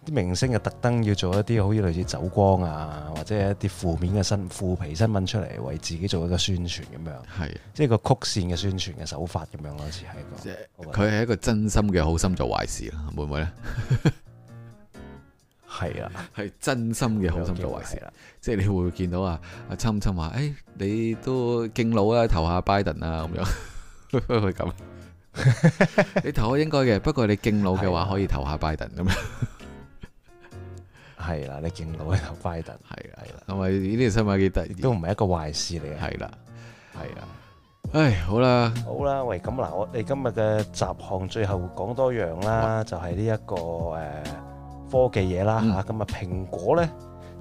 啲明星嘅特登要做一啲好似類似走光啊，或者一啲負面嘅新負皮新聞出嚟，為自己做一個宣傳咁樣，係的，即係個曲線嘅宣傳嘅手法咁樣咯，似係一佢係、呃、覺一個真心嘅好心做壞事啦，會唔會咧？係啊，係真心嘅好心做壞事，的即係你會見到啊，阿侵侵話，誒、哎，你都敬老啊，投下拜登啊，咁樣，咁？ 你投我應該嘅， 不過你敬老嘅話，的可以投下拜登咁樣。 係啦，你見到呢度拜登，係啦，同埋呢條新聞幾得意，都唔係一個壞事嚟嘅，係啦，係啊，唉，好啦，好啦，喂，咁嗱，我哋今日嘅集項最後講多樣啦，啦哇就係呢一個誒、呃、科技嘢啦吓，咁、嗯、啊，蘋果咧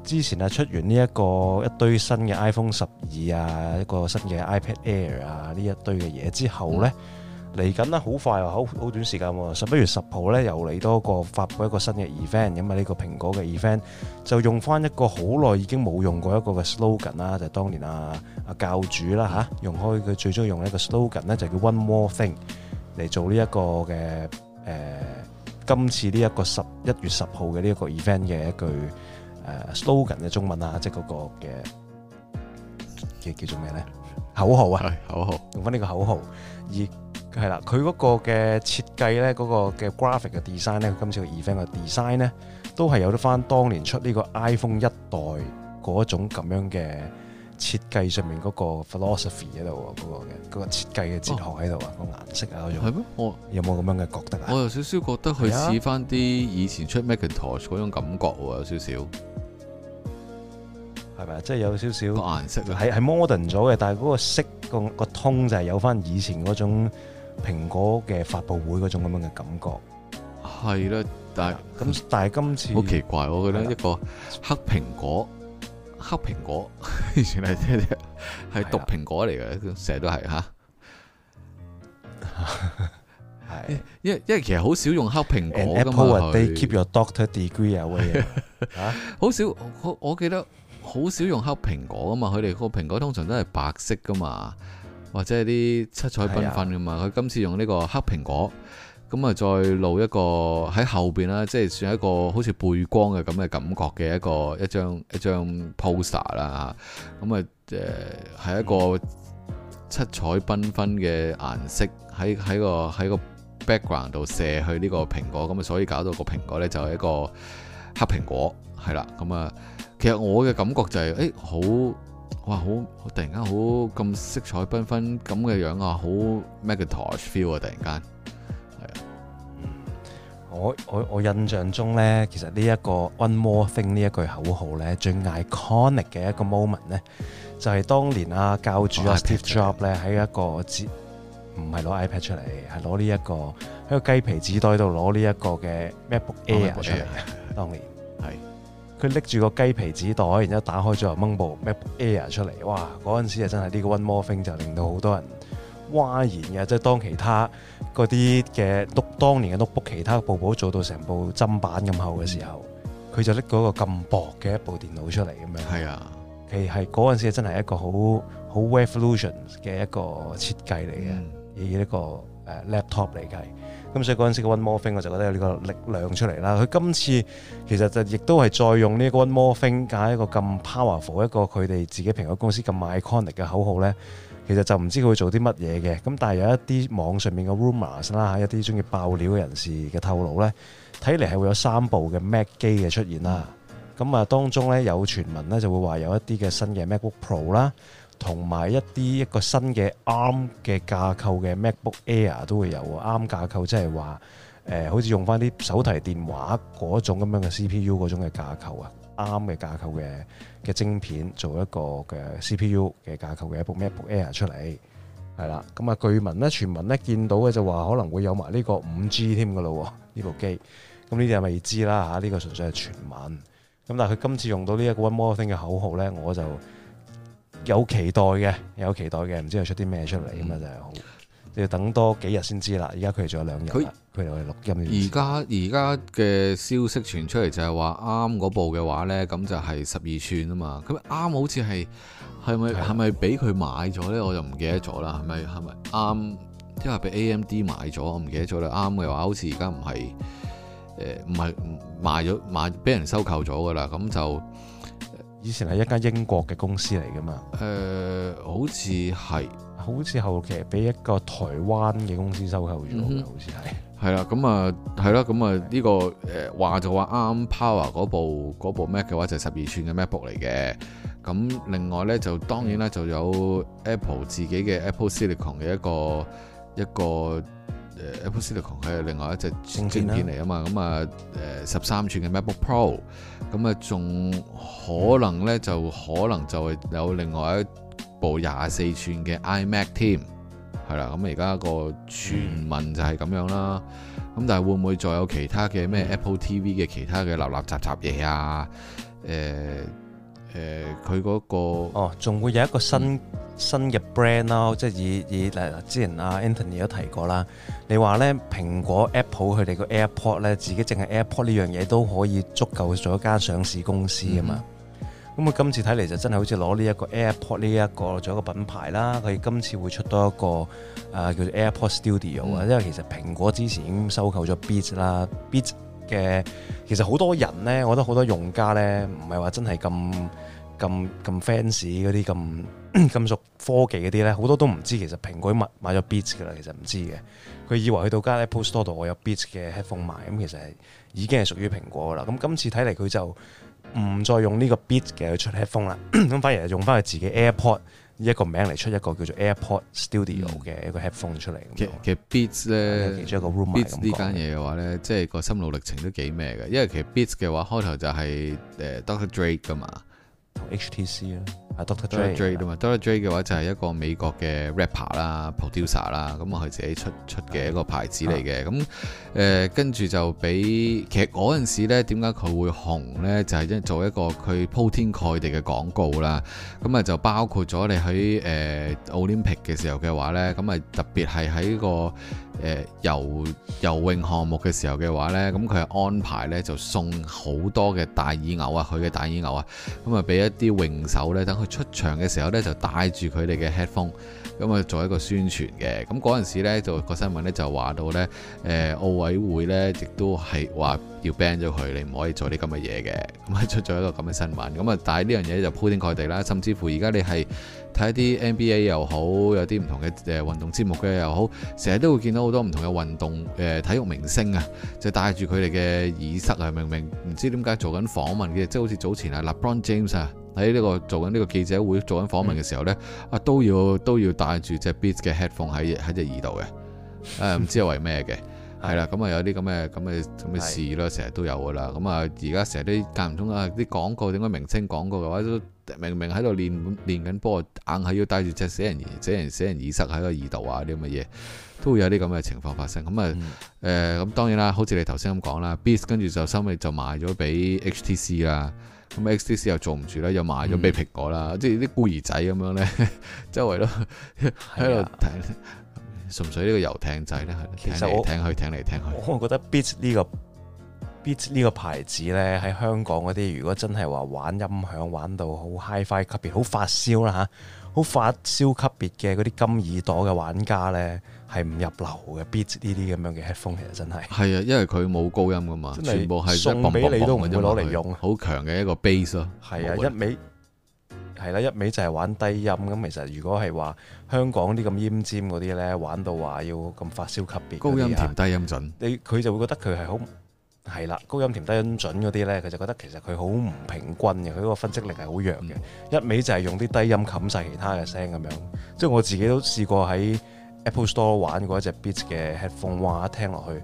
之前啊出完呢一個一堆新嘅 iPhone 十二啊，一個新嘅 iPad Air 啊，呢一堆嘅嘢之後咧。嗯嚟緊啦，好快喎，好好短時間喎，十一月十號咧又嚟多個發佈一個新嘅 event，咁啊呢個蘋果嘅 event 就用翻一個好耐已經冇用過一個嘅 slogan 啦，就係當年啊啊教主啦吓、啊，用開佢最中意用一個 slogan 咧就叫 One More Thing 嚟做呢一個嘅誒、呃、今次呢一個十一月十號嘅呢一個 event 嘅一句誒、呃、slogan 嘅中文啊，即係嗰個嘅嘅叫做咩咧口號啊，口號、哎、口號用翻呢個口號以。係啦，佢嗰個嘅設計咧，嗰、那個嘅 graphic 嘅 design 咧，今次個 event 嘅 design 咧，都係有得翻當年出呢個 iPhone 一代嗰種咁樣嘅設計上面嗰個 philosophy 喺度，嗰、那個嘅嗰、那個設計嘅哲學喺度、哦、啊，個顏色啊嗰種，係咩？我有冇咁樣嘅覺得啊？我有少少覺得佢似翻啲以前出 Macintosh 嗰種感覺喎，有少少，係咪啊？即、就、係、是、有少少顏色係係 modern 咗嘅，但係嗰個色、那個個 tone 就係有翻以前嗰種。蘋果嘅發佈會嗰種咁樣嘅感覺係啦，但係咁、啊、但係今次好奇怪，我覺得一個的黑蘋果，黑蘋果以前係咩咧？係 毒蘋果嚟嘅，成日的都係吓。係、啊， 的因為因為其實好少用黑蘋果嘅嘛。An apple a day keep your doctor degree away, 的 啊？好少我，我記得好少用黑蘋果啊嘛。佢哋個蘋果通常都係白色噶嘛。或者係啲七彩繽紛嘅嘛，佢的今次用呢個黑蘋果，咁啊再露一個喺後邊啦、啊，即係算係一個好似背光嘅咁嘅感覺嘅一個一張一張 poster 啦，咁啊誒係一個七彩繽紛嘅顏色喺喺個喺個 background 度射去呢個蘋果，咁啊所以搞到個蘋果呢就係、係、一個黑蘋果係啦，咁啊其實我嘅感覺就係誒好。哇，好突然間好咁色彩繽紛咁嘅樣啊，好 Macintosh feel 啊，突然間係啊，我我我印象中咧，其實呢一個 One More Thing 呢一句口號咧，最 iconic 嘅一個 moment 咧，就係當年啊，教主啊 Steve Jobs 咧喺一個紙，唔係攞 iPad 出嚟，係攞呢一個喺個雞皮紙袋度攞呢一個嘅 MacBook Air 出嚟，當年。佢拎住個雞皮紙袋，然之後打開咗又掹部 MacBook Air 出嚟，哇！嗰陣時真係呢個 One More Thing 就令到好多人譁然嘅，即係當其他嗰啲嘅 note 當年嘅 notebook，其他嘅部部做到成部砧板咁厚嘅時候，佢就拎嗰個咁薄嘅一部電腦出嚟咁樣。係啊，佢係嗰陣時真係一個好好 revolution 嘅一個設計嚟嘅，嗯、以呢個誒、uh, laptop 嚟計。咁所以嗰陣時個 One More Thing，我就覺得有呢個力量出嚟啦。佢今次其實就亦都係再用呢個 One More Thing 加一個咁 powerful 一個佢哋自己蘋果公司咁 iconic 嘅口號呢，其實就唔知佢會做啲乜嘢嘅。咁但係有一啲網上面嘅 rumors 啦，一啲中意爆料人士嘅透露呢，睇嚟係會有三部嘅 Mac 機嘅出現啦。咁啊，當中呢，有傳聞呢就會話有一啲嘅新嘅 MacBook Pro 啦。同埋一啲一個新嘅 ARM 嘅架構嘅 MacBook Air 都會有喎，ARM 架構即係話誒，好似用翻啲手提電話嗰種咁樣嘅 CPU 嗰種嘅架構啊，ARM 嘅架構嘅嘅晶片做一個嘅 CPU 嘅架構嘅一部 MacBook Air 出嚟，係啦，咁啊據聞咧傳聞咧見到嘅就話可能會有埋呢個五 G 添嘅咯喎，呢部機，咁呢啲係未知啦吓，呢、啊這個純粹係傳聞，咁、嗯、但係佢今次用到呢一個 One More Thing 嘅口號咧，我就。有期待嘅，有期待嘅，唔知佢出啲咩出嚟咁啊！嗯、就係好，你要等多幾日先知啦。而家佢哋仲有兩日，佢哋我哋錄音。而家而家嘅消息傳出嚟就係話啱嗰部嘅話咧，咁就係十二吋啊嘛。咁啱好似係係咪係咪俾佢買咗咧？我就唔記得咗啦。係咪係咪啱？即係俾 AMD 買咗？我唔記得咗啦。啱嘅話好似而家唔係誒唔係賣咗賣俾人收購咗噶啦，咁就。以前係一家英國嘅公司嚟噶嘛？誒、呃，好似係，好似後期俾一個台灣嘅公司收購咗，嗯、哼好似係。係啦，咁啊，係咯，咁啊，呢的、這個誒、呃、話就話啱啱 Power 嗰部部 Mac 嘅話就係十二寸嘅 MacBook 嚟嘅。咁另外咧就當然咧、嗯、哼就有 Apple 自己嘅 Apple Silicon 嘅一個一個。嗯哼一個誒 Apple Silicon 係另外一隻晶片嚟啊嘛，咁啊誒、呃、十三寸嘅 MacBook Pro，咁啊仲可能咧就可能就係有另外一部廿四寸嘅 iMac 添，係啦，咁而家個傳聞就係咁樣啦，咁、嗯、但係會唔會再有其他嘅咩 Apple TV 嘅其他嘅垃垃雜雜嘢啊？誒、呃。誒佢嗰個哦，仲會有一個新、嗯、新嘅 brand 咯，即係以以嗱之前阿、啊、Anthony 都提過啦。你話咧，蘋果 Apple 佢哋個 AirPod 咧，自己淨係 AirPod 呢樣嘢都可以足夠做一間上市公司啊嘛。咁佢、嗯、哼今次睇嚟就真係好似攞呢一個 AirPod 呢一個做一個品牌啦。佢今次會出多一個啊、呃、叫做 AirPod Studio 啊，嗯、哼因為其實蘋果之前已經收購咗 Beat 啦，Beat。嘅，其實好多人咧，我覺得好多用家咧，唔係話真係咁咁咁 fans 嗰啲咁咁熟科技嗰啲咧，好多都唔知其實蘋果買買咗 Beats 噶啦，其實唔知嘅，佢以為去到家咧 post 多 o 我有 Beats 嘅 headphone 賣，咁其實已經係屬於蘋果噶啦，咁今次睇嚟佢就唔再用呢個 Beats 嘅去出 headphone 啦，咁 反而用翻佢自己 AirPod。一個名嚟出一個叫做 AirPod Studio 嘅一個 headphone、嗯、出嚟。其實其實 Beats 咧，其中一個 rumor 係咁講。呢間嘢嘅話咧，即係個心路歷程都幾咩嘅。因為其實 Beats 嘅話開頭就係、是、誒、呃、Dr. Drake 嘅嘛。同 HTC 啊 Doctor Dre 啊嘛，Doctor Dre 嘅話就係一個美國嘅 rapper 啦，producer 啦，咁啊佢自己出出嘅一個牌子嚟嘅，咁誒、呃、跟住就俾其實嗰陣時咧，點解佢會紅咧？就係、是、因做一個佢鋪天蓋地嘅廣告啦，咁啊就包括咗你喺誒 Olympic 嘅時候嘅話咧，咁啊特別係喺個。誒遊、呃、游，游泳項目嘅時候嘅話呢，咁佢係安排呢就送好多嘅大耳牛啊，佢嘅大耳牛啊，咁啊俾一啲泳手呢，等佢出場嘅時候呢就戴住佢哋嘅 headphone，咁、嗯、啊做一個宣傳嘅。咁嗰陣時呢就、個新聞呢就話到呢，誒、呃、奧委會呢亦都係話要 ban 咗佢，你唔可以做啲咁嘅嘢嘅，咁、嗯、啊出咗一個咁嘅新聞。咁、嗯、啊，但係呢樣嘢就鋪天蓋地啦，甚至乎而家你係。睇啲 NBA 又好，有啲唔同嘅誒、呃、運動節目嘅又好，成日都會見到好多唔同嘅運動誒、呃、體育明星啊，就帶住佢哋嘅耳塞啊，明明唔知點解做緊訪問嘅，即係好似早前啊，LeBron James 啊喺呢、這個做緊呢個記者會做緊訪問嘅時候呢，啊都要都要戴住隻 Beat、啊、s 嘅 headphone 喺喺隻耳度嘅，誒唔知係為咩嘅，係啦、嗯，咁啊有啲咁嘅咁嘅咁嘅事咯，成日都有噶啦，咁啊而家成日都間唔中啊啲廣告點解明星廣告嘅話都。啊明明喺度練練緊波，硬係要戴住隻死人耳、死人死人耳塞喺個耳度啊啲咁嘅嘢，都會有啲咁嘅情況發生。咁啊，誒咁、嗯呃、當然啦，好似你頭先咁講啦，Beats 跟住就收尾就賣咗俾 HTC 啦，咁、嗯、HTC 又做唔住啦，又賣咗俾蘋果啦，嗯、即係啲孤兒仔咁樣咧， 周圍咯喺度睇， 的 純粹呢個遊艇仔咧，艇嚟艇去，艇嚟艇去。我覺得 Beats 呢個。Beats 呢個牌子呢，喺香港嗰啲，如果真係話玩音響玩到好 Hi-Fi 級別、好發燒啦嚇、好、啊、發燒級別嘅嗰啲金耳朵嘅玩家呢，係唔入流嘅。Beats 呢啲咁樣嘅 headphone、啊、其實真係係啊，因為佢冇高音噶嘛，全部係送俾你都唔會攞嚟用。好強嘅一個 bass 咯，係啊，一味，係啦，一味就係玩低音咁。其實如果係話香港啲咁奄尖嗰啲呢，玩到話要咁發燒級別，高音甜低音準，佢就會覺得佢係好。係啦，高音甜、低音準嗰啲咧，佢就覺得其實佢好唔平均嘅，佢嗰個分析力係好弱嘅。嗯、一味就係用啲低音冚晒其他嘅聲咁樣。即係我自己都試過喺 Apple Store 玩過一隻 Beats 嘅 headphone，哇！聽落去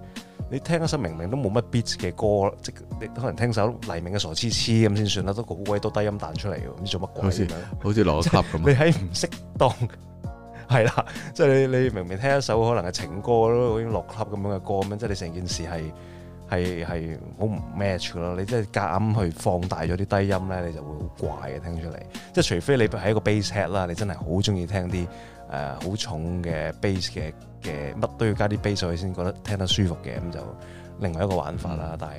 你聽一首明明都冇乜 Beats 嘅歌，即你可能聽首黎明嘅傻痴痴咁先算啦，都好鬼多低音彈出嚟嘅，唔知做乜鬼，好似好似落粒咁。 你喺唔適當係啦， 即係你你明明聽一首可能係情歌咯，已經落粒咁樣嘅歌咁樣，即係你成件事係。係係好唔 match 咯，你真係夾硬去放大咗啲低音咧，你就會好怪嘅聽出嚟。即係除非你係一個 bass head 啦，你真係好中意聽啲誒好重嘅 bass 嘅嘅，乜都要加啲 bass 落去先覺得聽得舒服嘅，咁就另外一個玩法啦。嗯、但係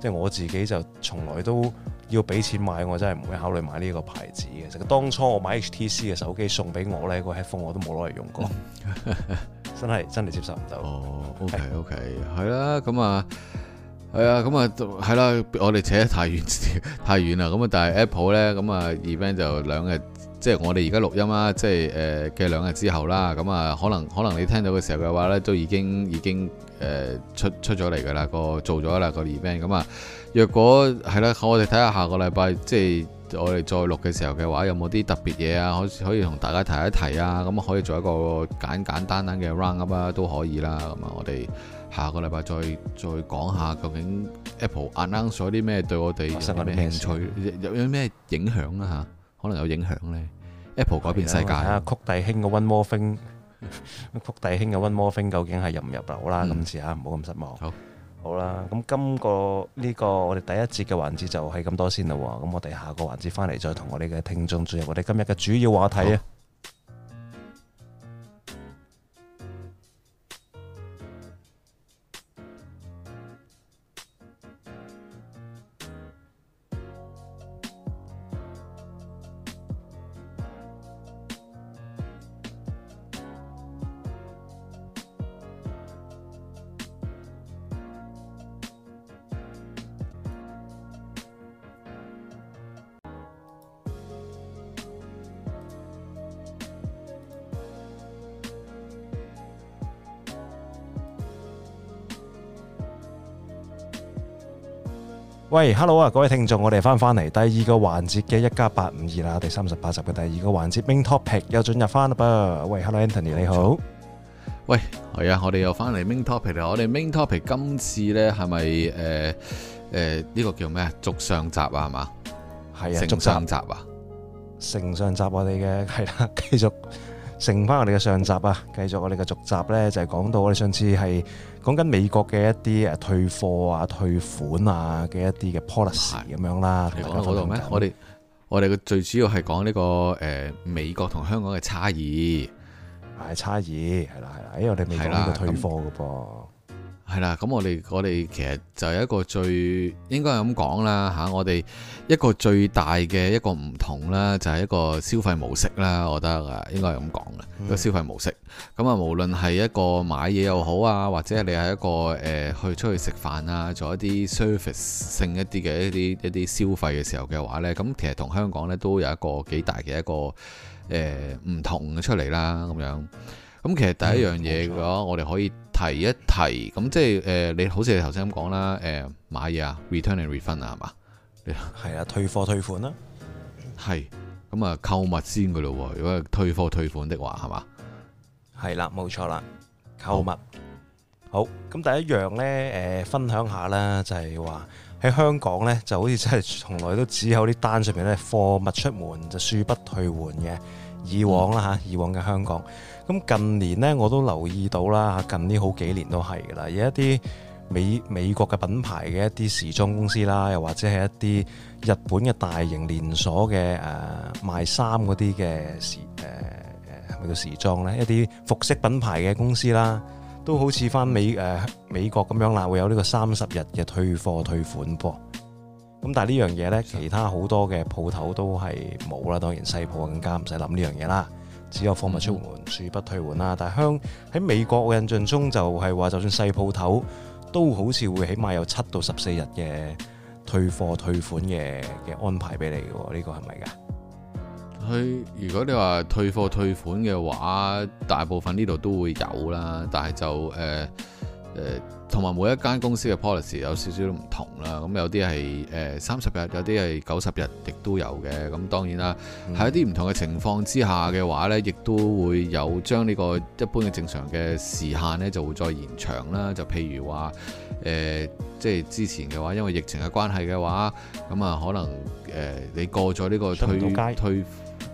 即係我自己就從來都要俾錢買，我真係唔會考慮買呢個牌子嘅。其實當初我買 HTC 嘅手機送俾我呢個 headphone 我都冇攞嚟用過， 真係真係接受唔到。哦，OK OK，係是、嗯、啦，咁啊～係啊，咁啊，係啦，我哋扯得太遠，太遠啦。咁啊，但係 Apple 呢，咁啊，event 就兩日，即係我哋而家錄音啦，即係誒嘅兩日之後啦。咁啊，可能可能你聽到嘅時候嘅話呢，都已經已經誒出出咗嚟㗎啦，個做咗啦個 event。咁啊，若果係啦，我哋睇下下個禮拜，即係我哋再錄嘅時候嘅話，有冇啲特別嘢啊，可可以同大家提一提啊。咁啊，可以做一個簡簡單單嘅 round up 啦，都可以啦。咁啊，我哋。下個禮拜再再講下究竟 Apple 啱啱咗啲咩對我哋生活有啲咩興趣，有有啲咩影響啦吓，可能有影響咧。Apple 改變世界啊，曲帝興嘅 One More Thing，曲帝興嘅 One More Thing 究竟係入唔入流啦？今次吓，唔好咁失望。好，好啦，咁今個呢個我哋第一節嘅環節就係咁多先啦。咁我哋下個環節翻嚟再同我哋嘅聽眾進入我哋今日嘅主要話題。喂，Hello 啊，各位聽眾，我哋翻翻嚟第二個環節嘅一家八五二啦，第三十八集嘅第二個環節 Main Topic 又進入翻啦噃。喂，Hello Anthony，你好。喂，係啊，我哋又翻嚟 Main Topic 啦。我哋 Main Topic 今次咧係咪誒誒呢個叫咩啊？續上集啊嘛。係啊，續上集啊。城上集我哋嘅係啦，繼、啊、續。剩翻我哋嘅上集啊，繼續我哋嘅續集咧，就係講到我哋上次係講緊美國嘅一啲誒退貨啊、退款啊嘅一啲嘅 policy 咁樣啦。嚟講嗰度咩？我哋我哋嘅最主要係講呢個誒、呃、美國同香港嘅差異，係差異，係啦，係啦，因為我哋未講呢個退貨嘅噃。係啦，咁我哋我哋其實就有一個最應該係咁講啦吓，我哋一個最大嘅一個唔同啦，就係、是、一個消費模式啦，我覺得啊，應該係咁講嘅個消費模式。咁啊，無論係一個買嘢又好啊，或者你係一個誒去、呃、出去食飯啊，做一啲 service 性一啲嘅一啲一啲消費嘅時候嘅話呢，咁其實同香港呢都有一個幾大嘅一個誒唔、呃、同出嚟啦，咁樣。咁其實第一樣嘢嘅話，嗯、我哋可以。提一提，咁即係誒、呃，你好似你頭先咁講啦，誒、呃，買嘢啊，return and refund 啊，係嘛？係啊，退貨退款啦。係，咁啊， 購物先噶咯，如果係退貨退款的話，係嘛？係啦、啊，冇錯啦，購物。好，咁第一樣咧，誒、呃，分享下啦，就係話喺香港咧，就好似真係從來都只有啲單上面咧，貨物出門就恕不退換嘅，以往啦吓，嗯、以往嘅香港。咁近年咧，我都留意到啦，近呢好幾年都係噶啦，有一啲美美國嘅品牌嘅一啲時裝公司啦，又或者係一啲日本嘅大型連鎖嘅誒、啊、賣衫嗰啲嘅時誒誒係咪叫時裝呢？一啲服飾品牌嘅公司啦，都好似翻美誒、啊、美國咁樣啦，會有呢個三十日嘅退貨退款噃。咁但係呢樣嘢呢，吧其他好多嘅鋪頭都係冇啦，當然細鋪更加唔使諗呢樣嘢啦。只有貨物出門恕不退換啦，但係香喺美國嘅印象中就係話，就算細鋪頭都好似會起碼有七到十四日嘅退貨退款嘅嘅安排俾你嘅喎，呢個係咪噶？佢如果你話退貨退款嘅話，大部分呢度都會有啦，但係就誒。呃誒同埋每一間公司嘅 policy 有少少都唔同啦，咁有啲係誒三十日，有啲係九十日，亦都有嘅。咁當然啦，喺、嗯、一啲唔同嘅情況之下嘅話呢，亦都會有將呢個一般嘅正常嘅時限呢就會再延長啦。就譬如話誒、呃，即係之前嘅話，因為疫情嘅關係嘅話，咁啊可能誒、呃、你過咗呢個退退。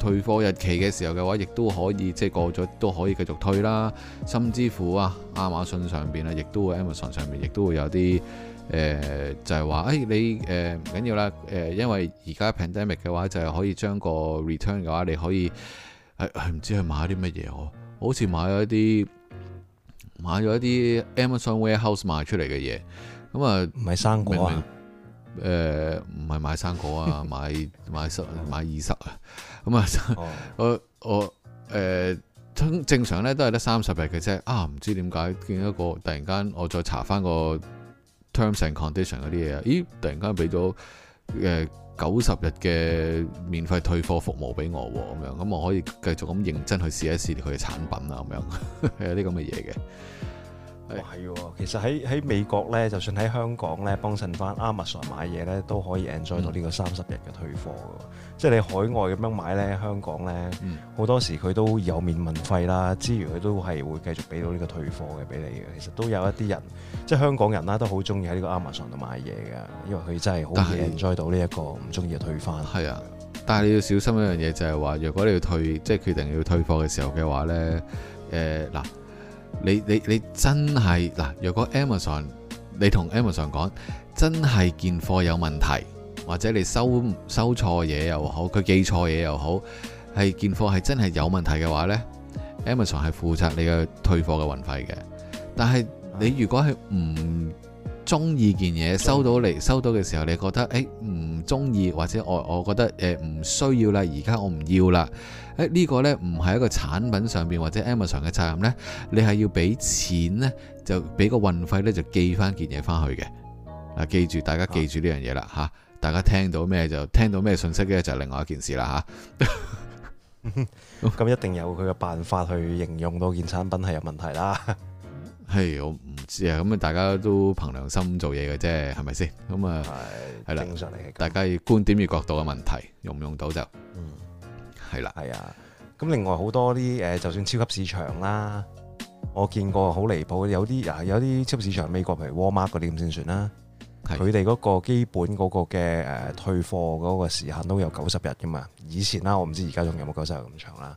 退貨日期嘅時候嘅話，亦都可以即係過咗都可以繼續退啦。甚至乎啊，亞馬遜上邊啊，亦都會 Amazon 上面，亦都會有啲誒、呃，就係哎呃、係話誒你誒唔緊要啦誒、呃，因為而家 pandemic 嘅話就係、係、可以將個 return 嘅話，你可以係係唔知係買啲乜嘢哦，好似買咗一啲買咗一啲 Amazon warehouse 賣出嚟嘅嘢，咁啊買生果啊？誒唔係買生果啊，買買十買二十啊？咁啊， 我我誒、呃，正常咧都係得三十日嘅啫。啊，唔知點解見到一個突然間，我再查翻個 terms and condition 嗰啲嘢啊，咦，突然間俾咗誒九十日嘅免費退貨服務俾我喎，咁樣咁我可以繼續咁認真去試一試佢嘅產品啊，咁樣係有啲咁嘅嘢嘅。係喎，其實喺喺美國咧，就算喺香港咧，幫襯翻 Amazon 買嘢咧，都可以 enjoy 到呢個三十日嘅退貨嘅。嗯、即係你海外咁樣買咧，香港咧好、嗯、多時佢都有免運費啦，之餘佢都係會繼續俾到呢個退貨嘅俾你嘅。其實都有一啲人、嗯、即係香港人啦，都好中意喺呢個 Amazon 度買嘢嘅，因為佢真係好 enjoy 到呢一個唔中意嘅退翻。係啊，但係你要小心一樣嘢就係、是、話，如果你要退即係、就是、決定要退貨嘅時候嘅話咧，誒、呃、嗱。你你你真係嗱，若果 Amazon 你同 Amazon 講，真係件貨有問題，或者你收收錯嘢又好，佢寄錯嘢又好，係件貨係真係有問題嘅話呢 a m a z o n 係負責你嘅退貨嘅運費嘅。但係你如果係唔中意件嘢，收到嚟於收到嘅時候，你覺得誒唔中意，或者我我覺得誒唔、呃、需要啦，而家我唔要啦。呢個呢唔係一個產品上邊或者 Amazon 嘅責任呢，你係要俾錢呢，就俾個運費呢，就寄翻件嘢翻去嘅。嗱，記住大家記住呢樣嘢啦吓，啊、大家聽到咩就聽到咩信息嘅就是、另外一件事啦吓。咁一定有佢嘅辦法去形容到件產品係有問題啦。係我唔知啊，咁啊，大家都憑良心做嘢嘅啫，係咪先？咁啊，係啦， 哎、正常嚟嘅，大家要樣觀點與角度嘅問題，用唔用到就？係啦，係啊，咁另外好多啲誒，就算超級市場啦，我見過好離譜，有啲啊，有啲超級市場，美國譬如 Walmart 嗰啲咁先算啦，佢哋嗰個基本嗰個嘅誒退貨嗰個時限都有九十日噶嘛，以前啦，我唔知而家仲有冇九十日咁長啦，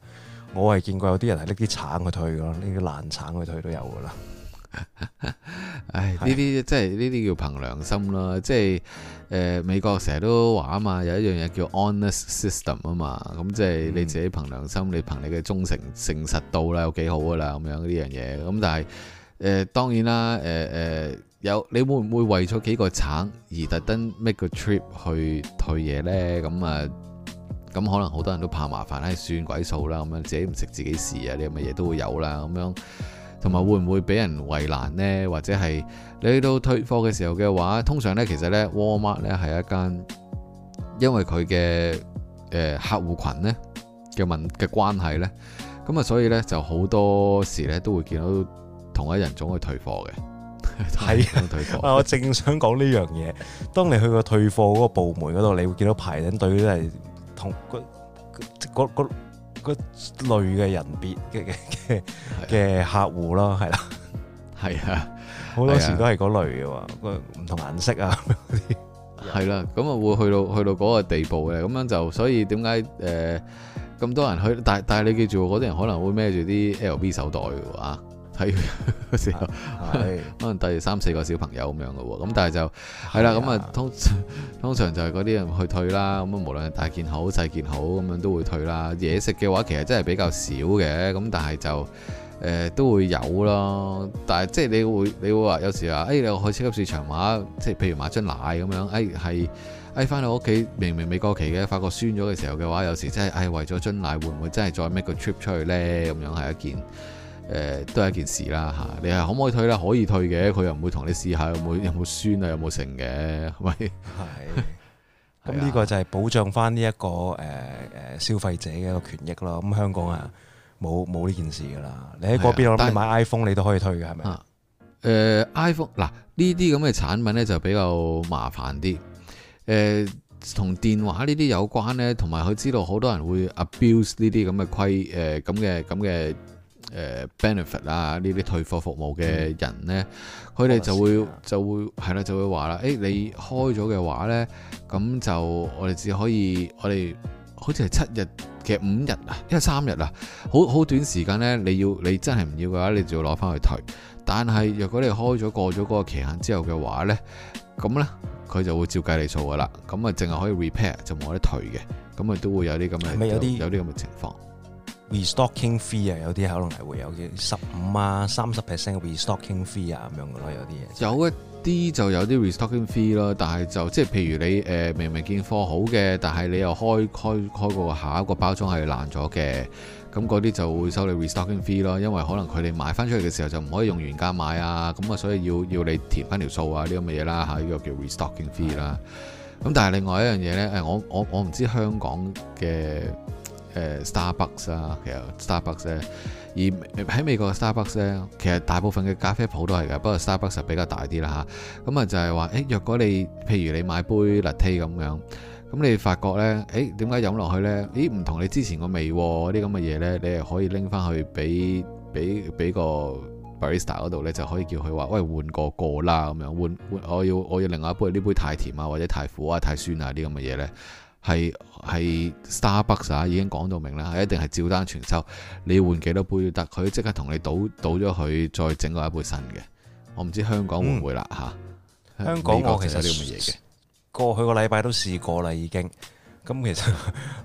我係見過有啲人係拎啲橙去退咯，拎啲爛橙去退都有噶啦。 唉，呢啲即係呢啲叫憑良心啦，即係誒、呃，美國成日都話啊嘛，有一樣嘢叫 honest system 啊嘛，咁、嗯、即係你自己憑良心，你憑你嘅忠誠誠實度啦，又幾好噶啦，咁樣呢樣嘢。咁但係誒、呃，當然啦，誒、呃、誒，有你會唔會為咗幾個橙而特登 make 個 trip 去退嘢呢？咁啊，咁可能好多人都怕麻煩，唉，算鬼數啦，咁樣自己唔食自己事啊，你有乜嘢都會有啦，咁樣。同埋會唔會俾人為難呢？或者係你去到退貨嘅時候嘅話，通常呢，其實呢 Walmart 呢係一間，因為佢嘅誒客戶群呢嘅問嘅關係呢。咁啊所以呢，就好多時呢都會見到同一人種去退貨嘅。係啊，退貨 我正想講呢樣嘢。當你去過退貨嗰個部門嗰度，你會見到排緊隊都係同個類嘅人別，別嘅嘅嘅客戶咯，係啦的，係啊，好多時都係嗰類嘅，個唔的同顏色啊，係啦，咁啊會去到去到嗰個地步嘅，咁樣就所以點解誒咁多人去？但但係你記住，嗰啲人可能會孭住啲 L.B 手袋嘅喎，啊睇嘅時候， 可能第三四個小朋友咁樣嘅喎，咁但係就係啦，咁啊，通通常就係嗰啲人去退啦，咁無論係大件好細件好，咁樣都會退啦。嘢食嘅話，其實真係比較少嘅，咁但係就誒、呃、都會有咯。但係即係你會，你會話有時話，誒、哎，你去超級市場買，即係譬如買樽奶咁樣，誒係誒翻到屋企明明未過期嘅，發覺酸咗嘅時候嘅話，有時真係誒、哎、為咗樽奶，會唔會真係再 make 個 trip 出去呢？」咁樣係一件。誒、呃，都係一件事啦吓、啊。你係可唔可以退咧？可以退嘅，佢又唔會同你試下有冇有冇酸啊，有冇成嘅係咪？係咁呢個就係保障返呢一個誒誒、呃、消費者嘅一個權益咯。咁香港啊，冇冇呢件事噶啦。你喺嗰邊我諗你買 iPhone 是你都可以退嘅，係咪？誒、啊，呃、iPhone 嗱呢啲咁嘅產品咧就比較麻煩啲。誒、呃，同電話呢啲有關咧，同埋佢知道好多人會 abuse 呢啲咁嘅規誒咁嘅咁嘅。呃誒，benefit 啊，呢啲、呃、退貨服務嘅人呢，佢哋、嗯、就會、啊、就會係啦，就會話啦，誒、欸，你開咗嘅話呢，咁就我哋只可以，我哋好似係七日，其實五日啊，因為三日啊，好好短時間呢。你要你真係唔要嘅話，你就要攞翻去退。但係若果你開咗過咗嗰個期限之後嘅話呢，咁呢，佢就會照計你數㗎啦。咁啊，淨係可以 repair 就冇得退嘅。咁啊，都會有啲咁嘅有啲咁嘅情況。restocking fee 啊，有啲可能係會有啲十五啊、三十 percent restocking fee 啊咁樣嘅咯，有啲嘢有一啲就有啲 restocking fee 咯，但係就即係譬如你誒、呃、明明見貨好嘅，但係你又開開開個下一個包裝係爛咗嘅，咁嗰啲就會收你 restocking fee 咯，因為可能佢哋買翻出嚟嘅時候就唔可以用原價買啊，咁啊所以要要你填翻條數、呢個、啊呢啲咁嘅嘢啦嚇，呢、呢個叫 restocking fee 啦的。咁但係另外一樣嘢咧，誒我我我唔知香港嘅。誒 Starbucks 啊，其實 Starbucks 咧，而喺美國嘅 Starbucks 咧，其實大部分嘅咖啡鋪都係㗎，不過 Starbucks 比較大啲啦嚇。咁啊就係話，誒若果你譬如你買杯 latte 咁樣，咁你發覺咧，誒點解飲落去咧？咦唔同你之前個味喎，啲咁嘅嘢咧，你係可以拎翻去俾俾俾個 barista 嗰度咧，你就可以叫佢話，喂換個個啦咁樣，換換我要我要另外一杯呢杯太甜啊，或者太苦啊，太酸啊啲咁嘅嘢咧。係係 Starbucks 啊，已經講到明啦，係一定係照單全收。你換幾多杯得，佢即刻同你倒倒咗佢，再整過一杯新嘅。我唔知香港會唔會啦嚇。香港其實呢啲咁嘢嘅，過去個禮拜都試過啦已經。咁其實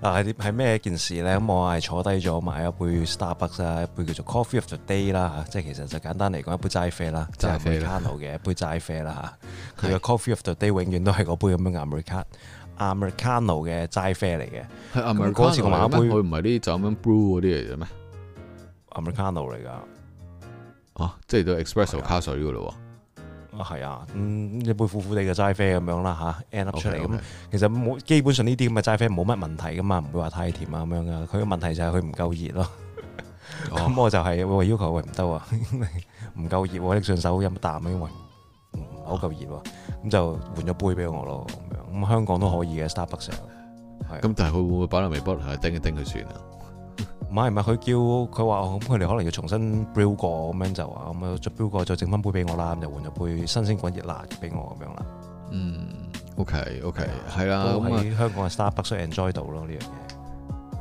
啊係咩一件事咧？咁我係坐低咗買一杯 Starbucks 啊，一杯叫做 Coffee of the Day 啦嚇，即係其實就簡單嚟講一杯齋啡啦，齋啡嘅 一杯齋啡啦嚇。佢嘅 Coffee of the Day 永遠都係嗰杯咁樣 Americano。Americano 嘅齋啡嚟嘅，係嗰時個馬杯，佢唔係啲就咁樣 brew 嗰啲嚟嘅咩？Americano 嚟㗎，哦、啊，即係都 expresso、啊、卡水㗎咯喎。啊係啊、嗯，一杯苦苦哋嘅齋啡咁樣啦吓、啊、end up okay，出嚟咁。Okay. 其實基本上呢啲咁嘅齋啡冇乜問題㗎嘛，唔會話太甜啊咁樣㗎。佢嘅問題就係佢唔夠熱咯、啊。咁、嗯 oh. 我就係、是、我、呃、要求佢唔得啊，唔夠熱喎、啊，拎上手飲啖因為好夠熱喎、啊。咁就換咗杯俾我咯，咁樣咁香港都可以嘅 Starbucks，係。咁但係佢會唔會擺落微波爐嚟叮一叮佢算啊？唔係唔係，佢叫佢話哦，咁佢哋可能要重新 build 過，咁樣就啊，咁啊再 build 過再整翻杯俾我啦，咁就換咗杯新鮮滾熱辣俾我咁樣啦。嗯，OK OK，係啦，喺香港嘅 Starbucks enjoy 到咯呢樣嘢。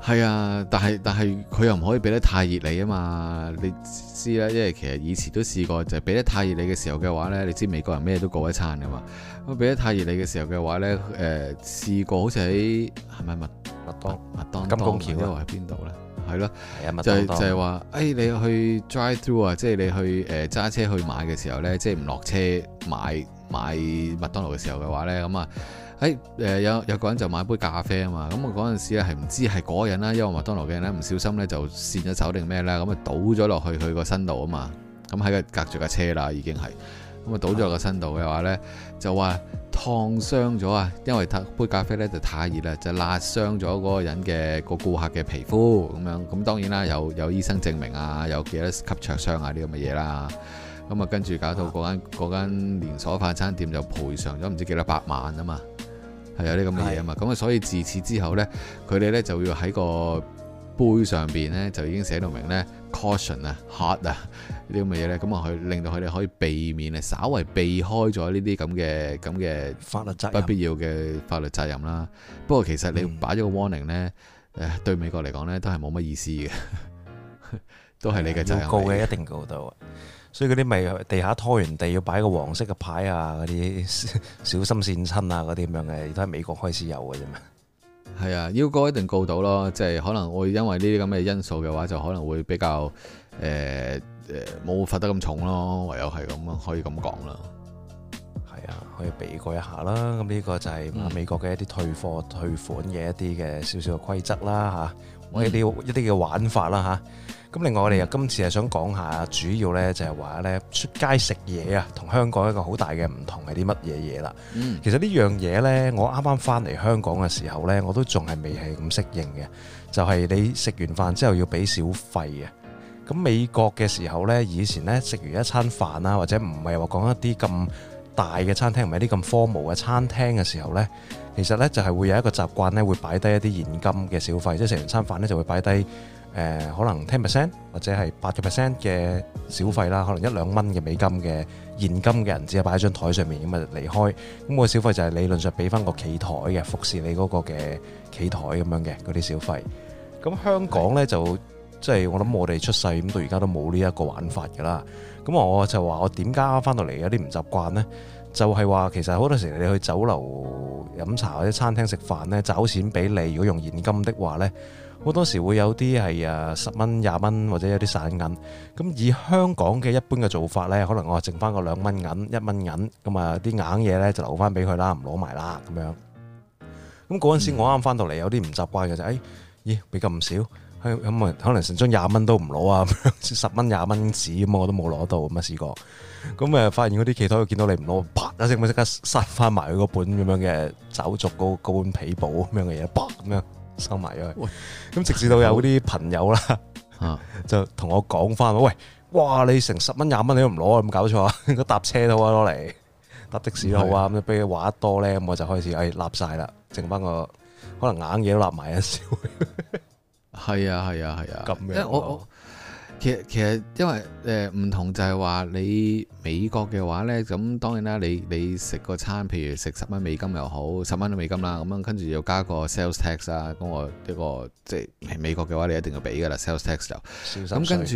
係啊，但係但係佢又唔可以俾得太熱你啊嘛！你知啦，因為其實以前都試過，就係俾得太熱你嘅時候嘅話咧，你知美國人咩都過一餐噶嘛。咁俾得太熱你嘅時候嘅話咧，誒、呃、試過好似喺係咪麥麥當麥當,麥當,當金拱橋、啊、呢度係邊度咧？係咯、啊就係，就係就係話，誒、哎、你去 drive through 啊，即係你去誒揸、呃、車去買嘅時候咧，即係唔落車買買麥當勞嘅時候嘅話咧，咁、嗯、啊～誒誒、欸，有有個人就買杯咖啡啊嘛，咁我嗰陣時咧係唔知係嗰個人啦，因為麥當勞嘅人咧唔小心咧就跣咗手定咩咧，咁啊倒咗落去佢個身度啊嘛，咁喺佢隔住架車啦已經係，咁啊倒咗個身度嘅話咧就話燙傷咗啊，因為杯咖啡咧就太熱啦，就辣傷咗嗰個人嘅個顧客嘅皮膚咁樣。咁當然啦，有有醫生證明啊，有幾多級灼傷啊啲咁嘅嘢啦。咁啊跟住搞到嗰間嗰間連鎖快餐店就賠償咗唔知幾多百萬啊嘛。係、啊、有啲咁嘅嘢啊嘛，咁啊的，所以自此之後咧，佢哋咧就要喺個杯上邊咧就已經寫到明咧 caution 啊、hot 啊呢啲咁嘅嘢咧，咁啊去令到佢哋可以避免啊，稍為避開咗呢啲咁嘅咁嘅法律責任，不必要嘅法律責任啦。不過其實你擺咗個 warning 咧、嗯，誒、呃、對美國嚟講咧都係冇乜意思嘅， 都係你嘅責任。告嘅一定告到。所以嗰啲咪地下拖完地要擺個黃色嘅牌啊，嗰啲 小心跣親啊，嗰啲咁樣嘅，都係美國開始有嘅啫嘛。係啊，要告一定告到咯，即係可能會因為呢啲咁嘅因素嘅話，就可能會比較誒誒冇罰得咁重咯，唯有係咁樣咯，可以咁講啦。係啊，可以比過一下啦。咁呢個就係美國嘅一啲退貨、嗯、退款嘅一啲嘅少少嘅規則啦嚇。我哋啲一啲嘅玩法啦吓，咁另外我哋又今次係想講下，主要咧就係話咧出街食嘢啊，同香港一個好大嘅唔同係啲乜嘢嘢啦。嗯、其實呢樣嘢咧，我啱啱翻嚟香港嘅時候咧，我都仲係未係咁適應嘅，就係、是、你食完飯之後要俾小費嘅。咁美國嘅時候咧，以前咧食完一餐飯啊，或者唔係話講一啲咁大嘅餐廳，唔係啲咁荒蕪嘅餐廳嘅時候咧。其實咧就係會有一個習慣咧，會擺低一啲現金嘅小費，即係食完餐飯咧就會擺低誒可能 ten percent 或者係八個 percent 嘅小費啦，可能一兩蚊嘅美金嘅現金嘅人只擺，只啊擺喺張台上面咁啊離開，咁、那個小費就係理論上俾翻個企台嘅服侍你嗰個嘅企台咁樣嘅嗰啲小費。咁香港咧就即係、就係、我諗我哋出世咁到而家都冇呢一個玩法㗎啦。咁我就話我點解翻到嚟有啲唔習慣呢？就係話，其實好多時你去酒樓飲茶或者餐廳食飯呢找錢俾你，如果用現金的話呢好多時會有啲係啊十蚊、廿蚊或者有啲散銀。咁以香港嘅一般嘅做法呢，可能我剩翻個兩蚊銀、一蚊銀咁啊，啲硬嘢呢就留翻俾佢啦，唔攞埋啦咁樣。咁嗰陣時我啱啱翻到嚟有啲唔習慣嘅就誒，咦，俾咁少，咁啊可能成張廿蚊都唔攞啊，十蚊、廿蚊紙咁我都冇攞到，咁未試過。咁誒、嗯、發現嗰啲其他佢見到你唔攞，啪一聲咁即刻收翻埋佢嗰本咁樣嘅酒續高嗰本皮簿咁樣嘅嘢，啪咁樣收埋咗。咁喂直至到有嗰啲朋友啦，喂 就同我講翻，喂，哇！你成十蚊廿蚊你都唔攞，咁搞錯 啊！搭車都好啊，攞嚟搭的士都好啊，咁俾佢話得多咧，我就開始誒立晒啦，剩翻個可能硬嘢都立埋一少。係啊係啊係啊，因為、啊樣其實其實因為誒唔、呃、同就係話你美國嘅話呢，咁當然啦，你你食個餐，譬如食十蚊美金又好，十蚊都美金啦，咁樣跟住又加個 sales tax 啊，咁我呢個即係美國嘅話，你一定要俾噶啦 sales tax 就，咁跟住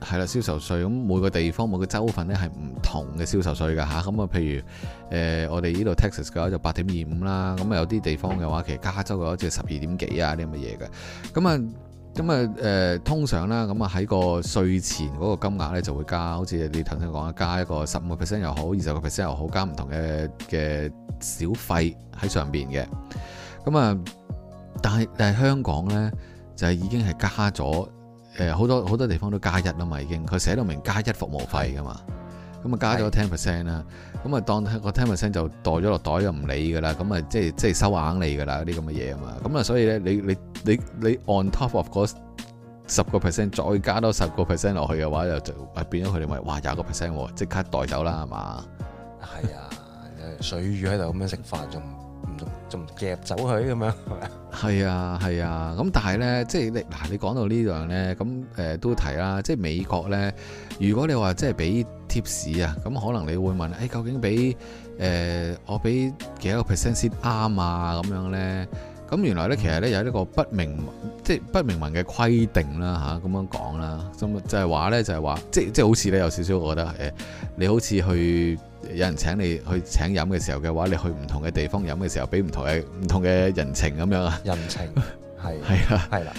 係啦銷售稅，咁每個地方每個州份呢係唔同嘅銷售稅噶吓，咁啊、嗯、譬如誒、呃、我哋呢度 Texas 嘅話就八點二五啦，咁啊有啲地方嘅話其實加州嘅話就十二點幾啊啲咁嘅嘢嘅，咁啊。啊啊啊咁啊，誒通常啦，咁啊喺個稅前嗰個金額咧就會加，好似你頭先講啊，加一個十五個 percent 又好，二十個 percent 又好，加唔同嘅嘅小費喺上邊嘅。咁啊，但係誒香港咧就係已經係加咗誒好多好多地方都加一啦嘛，已經佢寫到明加一服務費㗎嘛。咁啊加咗 ten percent 啦，咁啊的當個 ten percent 就袋咗落袋又唔理噶啦，咁啊即係即係收硬利噶啦，啲咁嘅嘢啊嘛，咁啊所以咧你你你你 on top of 嗰十個 percent 再加多十個 percent 落去嘅話，又就變咗佢哋咪哇廿個 percent 即刻袋走啦，係嘛？係啊，水魚喺度咁樣食飯仲～仲仲夾走佢咁樣，係啊係啊，咁、啊、但係咧，即係你嗱，你講到呢樣咧，咁誒都提啦，即係美國咧，如果你話即係俾貼士啊，咁可能你會問，誒、欸、究竟俾誒、呃、我俾幾多個 percent 先啱啊？咁樣咧，咁原來咧其實咧有呢個不明文、嗯、即係不明文嘅規定啦吓，咁、啊、樣講啦，咁就係話咧就係、是、話，即係即係好似你有少少，我覺得誒你好似去。有人請你去請飲嘅時候嘅話，你去唔同嘅地方飲嘅時候，俾唔同嘅唔同嘅人情咁樣啊？人情係係啊係啦。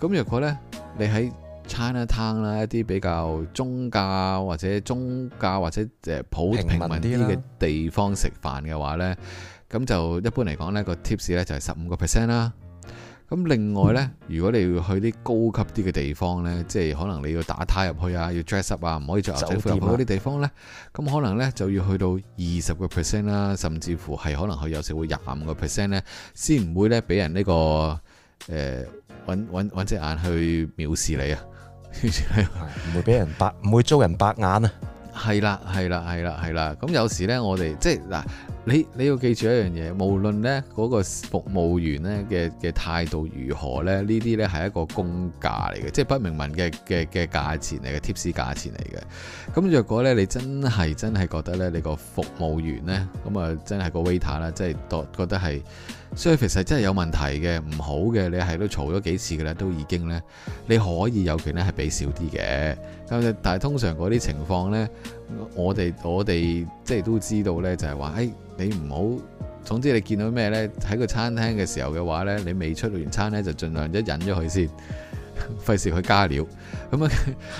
咁若 的的果呢，你喺 China Town 啦，一啲比較中價，或者中價，或者誒普平民啲嘅地方食飯嘅話呢，咁、啊、就一般嚟講呢、呢個 tips 咧就係十五個 percent 啦。咁另外呢，如果你要去啲高級啲嘅地方呢，即係可能你要打呔入去啊，要 dress up 啊，唔可以着牛仔褲入去嗰啲地方呢，咁可能呢就要去到二十個 percent 啦，甚至乎係可能佢有時會廿五個 percent 呢，先唔會呢俾人呢個誒揾揾揾隻眼去藐視你啊，唔 會俾人白唔會遭人白眼啊，係啦係啦係啦係啦，咁有時呢，我哋即係嗱。你你要記住一樣嘢，無論呢嗰個服務員呢嘅嘅態度如何呢，呢啲呢係一個公價嚟嘅，即係不明文嘅嘅嘅價錢嚟嘅，tips 價錢嚟嘅。咁若果呢，你真係真係覺得呢，你個服務員呢，咁啊真係個 waiter 啦，真係覺得係。所以其實真係有問題嘅，唔好嘅，你係都嘈咗幾次嘅咧，都已經咧，你可以有權咧係俾少啲嘅。咁但係通常嗰啲情況咧，我哋我哋即係都知道咧，就係話，誒你唔好，總之你見到咩咧，喺個餐廳嘅時候嘅話咧，你未出完餐咧，就儘量一忍咗佢先，費事去加料。咁啊，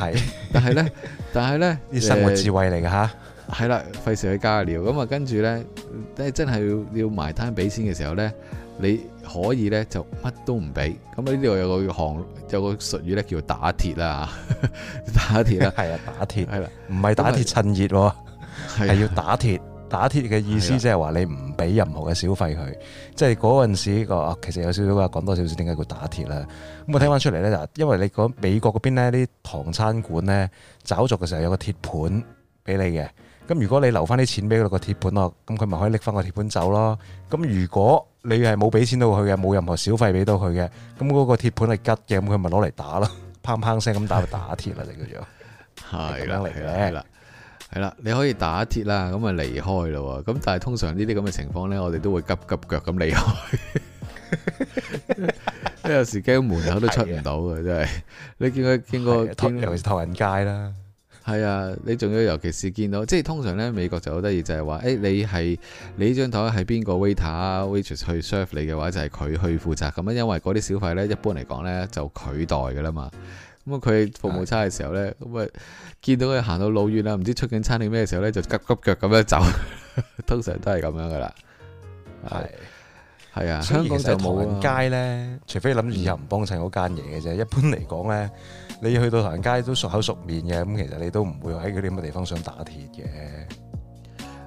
係是的 呢。 但係咧，但係咧，啲生活智慧嚟㗎嚇。呃係啦，費事去加料咁啊！跟住咧，即係真係要要埋單俾錢嘅時候咧，你可以咧就乜都唔俾。咁呢度有個行有個俗語咧叫打鐵啦，打鐵啦，係啊， 打鐵係啦，唔係的打鐵趁熱，係的要打鐵。打鐵嘅意思即係話你唔俾任何嘅小費佢，即係嗰陣時個、哦、其實有少少話講多少少點解叫打鐵啦。咁我聽翻出嚟咧就因為你講美國嗰邊咧啲唐餐館咧找續嘅時候有個鐵盤俾你嘅。咁如果你留翻啲錢俾佢個鐵盤咯，咁佢咪可以拎翻個鐵盤走咯。咁如果你係冇俾錢到佢嘅，冇任何小費俾到佢嘅，咁嗰個鐵盤係吉嘅，咁佢咪攞嚟打咯，砰砰聲咁打打鐵啦，你叫做係啦，係啦，係啦，係啦，你可以打鐵啦，咁啊離開咯。咁但係通常呢啲咁嘅情況呢，我哋都會急急腳咁離開。因為有時驚門口都出唔到嘅，真係的。 你見過見過，尤其是唐人街啦。係啊，你仲要尤其是見到，即係通常咧美國就好得意，就係、是、話，誒、欸、你係你呢張台係邊個 waiter 啊 waitress 去 serve 你嘅話，就係、是、佢去負責。咁樣因為嗰啲小費咧，一般嚟講咧就佢代嘅啦嘛。咁啊，佢服務差嘅時候咧，咁啊、mm hmm. 見到佢行到老遠啦，唔知出緊餐定咩嘅時候咧，就急急腳咁樣走。 通常都係咁樣噶啦。係係、mm hmm. 啊，啊雖然 香港就冇街咧，除非諗住又唔幫襯嗰間嘢嘅啫。一般嚟講咧。你去到唐人街都熟口熟面嘅，咁其實你都唔會喺嗰啲咁嘅地方想打鐵嘅。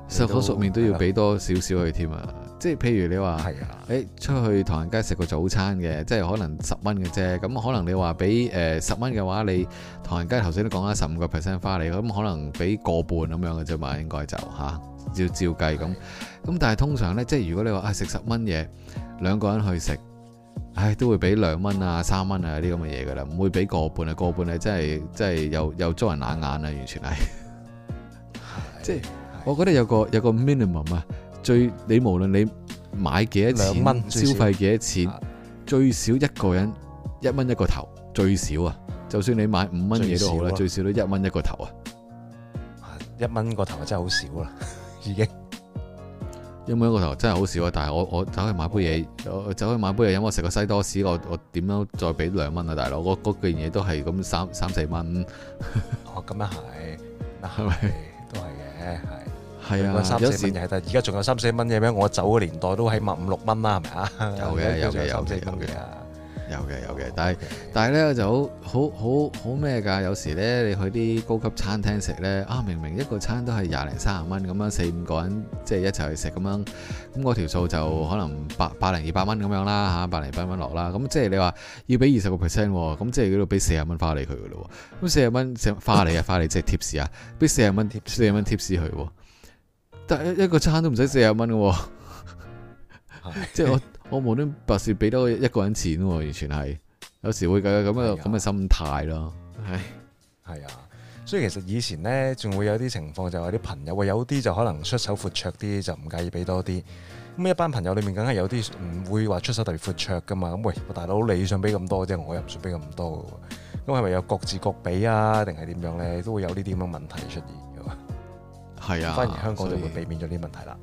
熟口熟面都要俾多少少佢添啊！即係譬如你話，係是啊、欸，誒出去唐人街食個早餐嘅，即係可能十蚊嘅啫。咁可能你話俾誒十蚊嘅話，你唐人街頭先都講咗十五個 percent 花你，咁、嗯、可能俾個半咁樣嘅啫嘛，應該就嚇要、啊、照，照計咁。咁是、啊、但係通常呢，即係如果你話啊食十蚊嘢，兩個人去食。唉，都會俾兩蚊啊、三蚊啊啲咁嘅嘢噶啦，唔會俾個半啊、個半咧，真係真係又又捉人冷眼啊，完全係。即係，我覺得有個有個 minimum 啊，最你無論你買幾多錢，消費幾多錢，最少一個人、啊、一蚊一個頭，最少啊，就算你買五蚊嘢都好啦，最少都一蚊一個頭啊。一蚊個頭真係好少啊！依家。一蚊一個頭真係好少啊！但係我我走去買杯嘢，走去買杯嘢飲，因為我食個西多士，我我點樣再俾兩蚊啊？大佬，我嗰件嘢都係咁三三四蚊。 哦，咁樣係，嗱係咪都係嘅，係係啊，三四蚊嘢，但係時而家仲有三四蚊嘢咩？我走嗰年代都起碼五六蚊啦，係咪啊？Okay, 有嘅有嘅有嘅。有嘅有嘅，但係 Okay. 但係咧就好好好好咩噶？有時咧你去啲高級餐廳食咧啊，明明一個餐都係廿零三十蚊咁樣，四五個人即係一齊去食咁樣，咁嗰條數就可能百百零二百蚊咁樣啦嚇，百零百蚊落啦。咁即係你話要俾二十個 percent，咁即係嗰度俾四十蚊花你佢噶咯。咁四十蚊成花你啊，花你即係 tips 啊，俾四十蚊 tips 四十蚊 tips 佢。但係一個餐都唔使四十蚊噶喎，即係我。我無端白事俾多一個人錢，完全係，有時會咁嘅咁嘅心態咯。係，係啊，所以其實以前呢，仲會有啲情況就有啲朋友啊，有啲就可能出手闊綽啲，就唔介意俾多啲。咁一班朋友裏面梗係有啲唔會話出手特別闊綽噶嘛。咁喂，大佬你想俾咁多啫，我又唔想俾咁多。咁係咪有各自各俾啊？定係點樣呢？都會有呢啲咁嘅問題出現嘅。係啊的，反而香港以就會避免咗啲問題啦。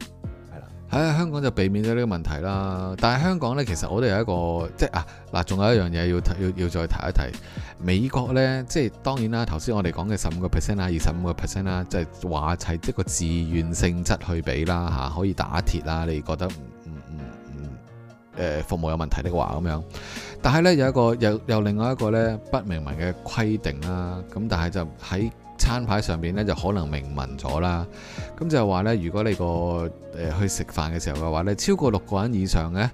喺、哎、香港就避免咗呢個問題啦，但係香港呢，其實我哋有一個即係啊嗱，仲有一樣嘢要提，要要再提一提美國呢，即係當然啦。頭先我哋講嘅十五個 percent 啊，二十五個 percent 啦，即係話係即個自願性質去俾啦嚇、啊，可以打鐵啦。你覺得唔唔唔誒服務有問題的話咁樣，但係呢，有一個又又另外一個呢，不明文嘅規定啦，咁但係就喺。餐牌上面咧就可能明文咗啦，咁就係話咧，如果你個誒去食飯嘅時候嘅話咧，超過六個人以上咧，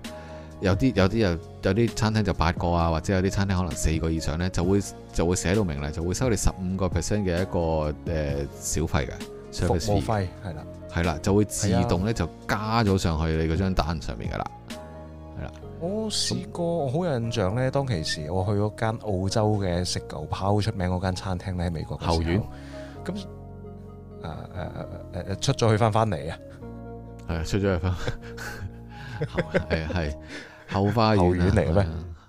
有啲有啲有有啲餐廳就八個啊，或者有啲餐廳可能四個以上咧，就會就會寫到明啦，就會收你十五個 percent 嘅一個誒小費嘅服務費，係啦係啦，就會自動咧就加咗上去你嗰張單上面噶啦。我試過，我好印象咧。當其時，我去嗰間澳洲嘅食牛扒好出名嗰間餐廳咧，喺美國。後院咁，誒誒誒，出咗去翻翻嚟啊！係啊，出咗去翻。係啊係，後花園嚟嘅咩？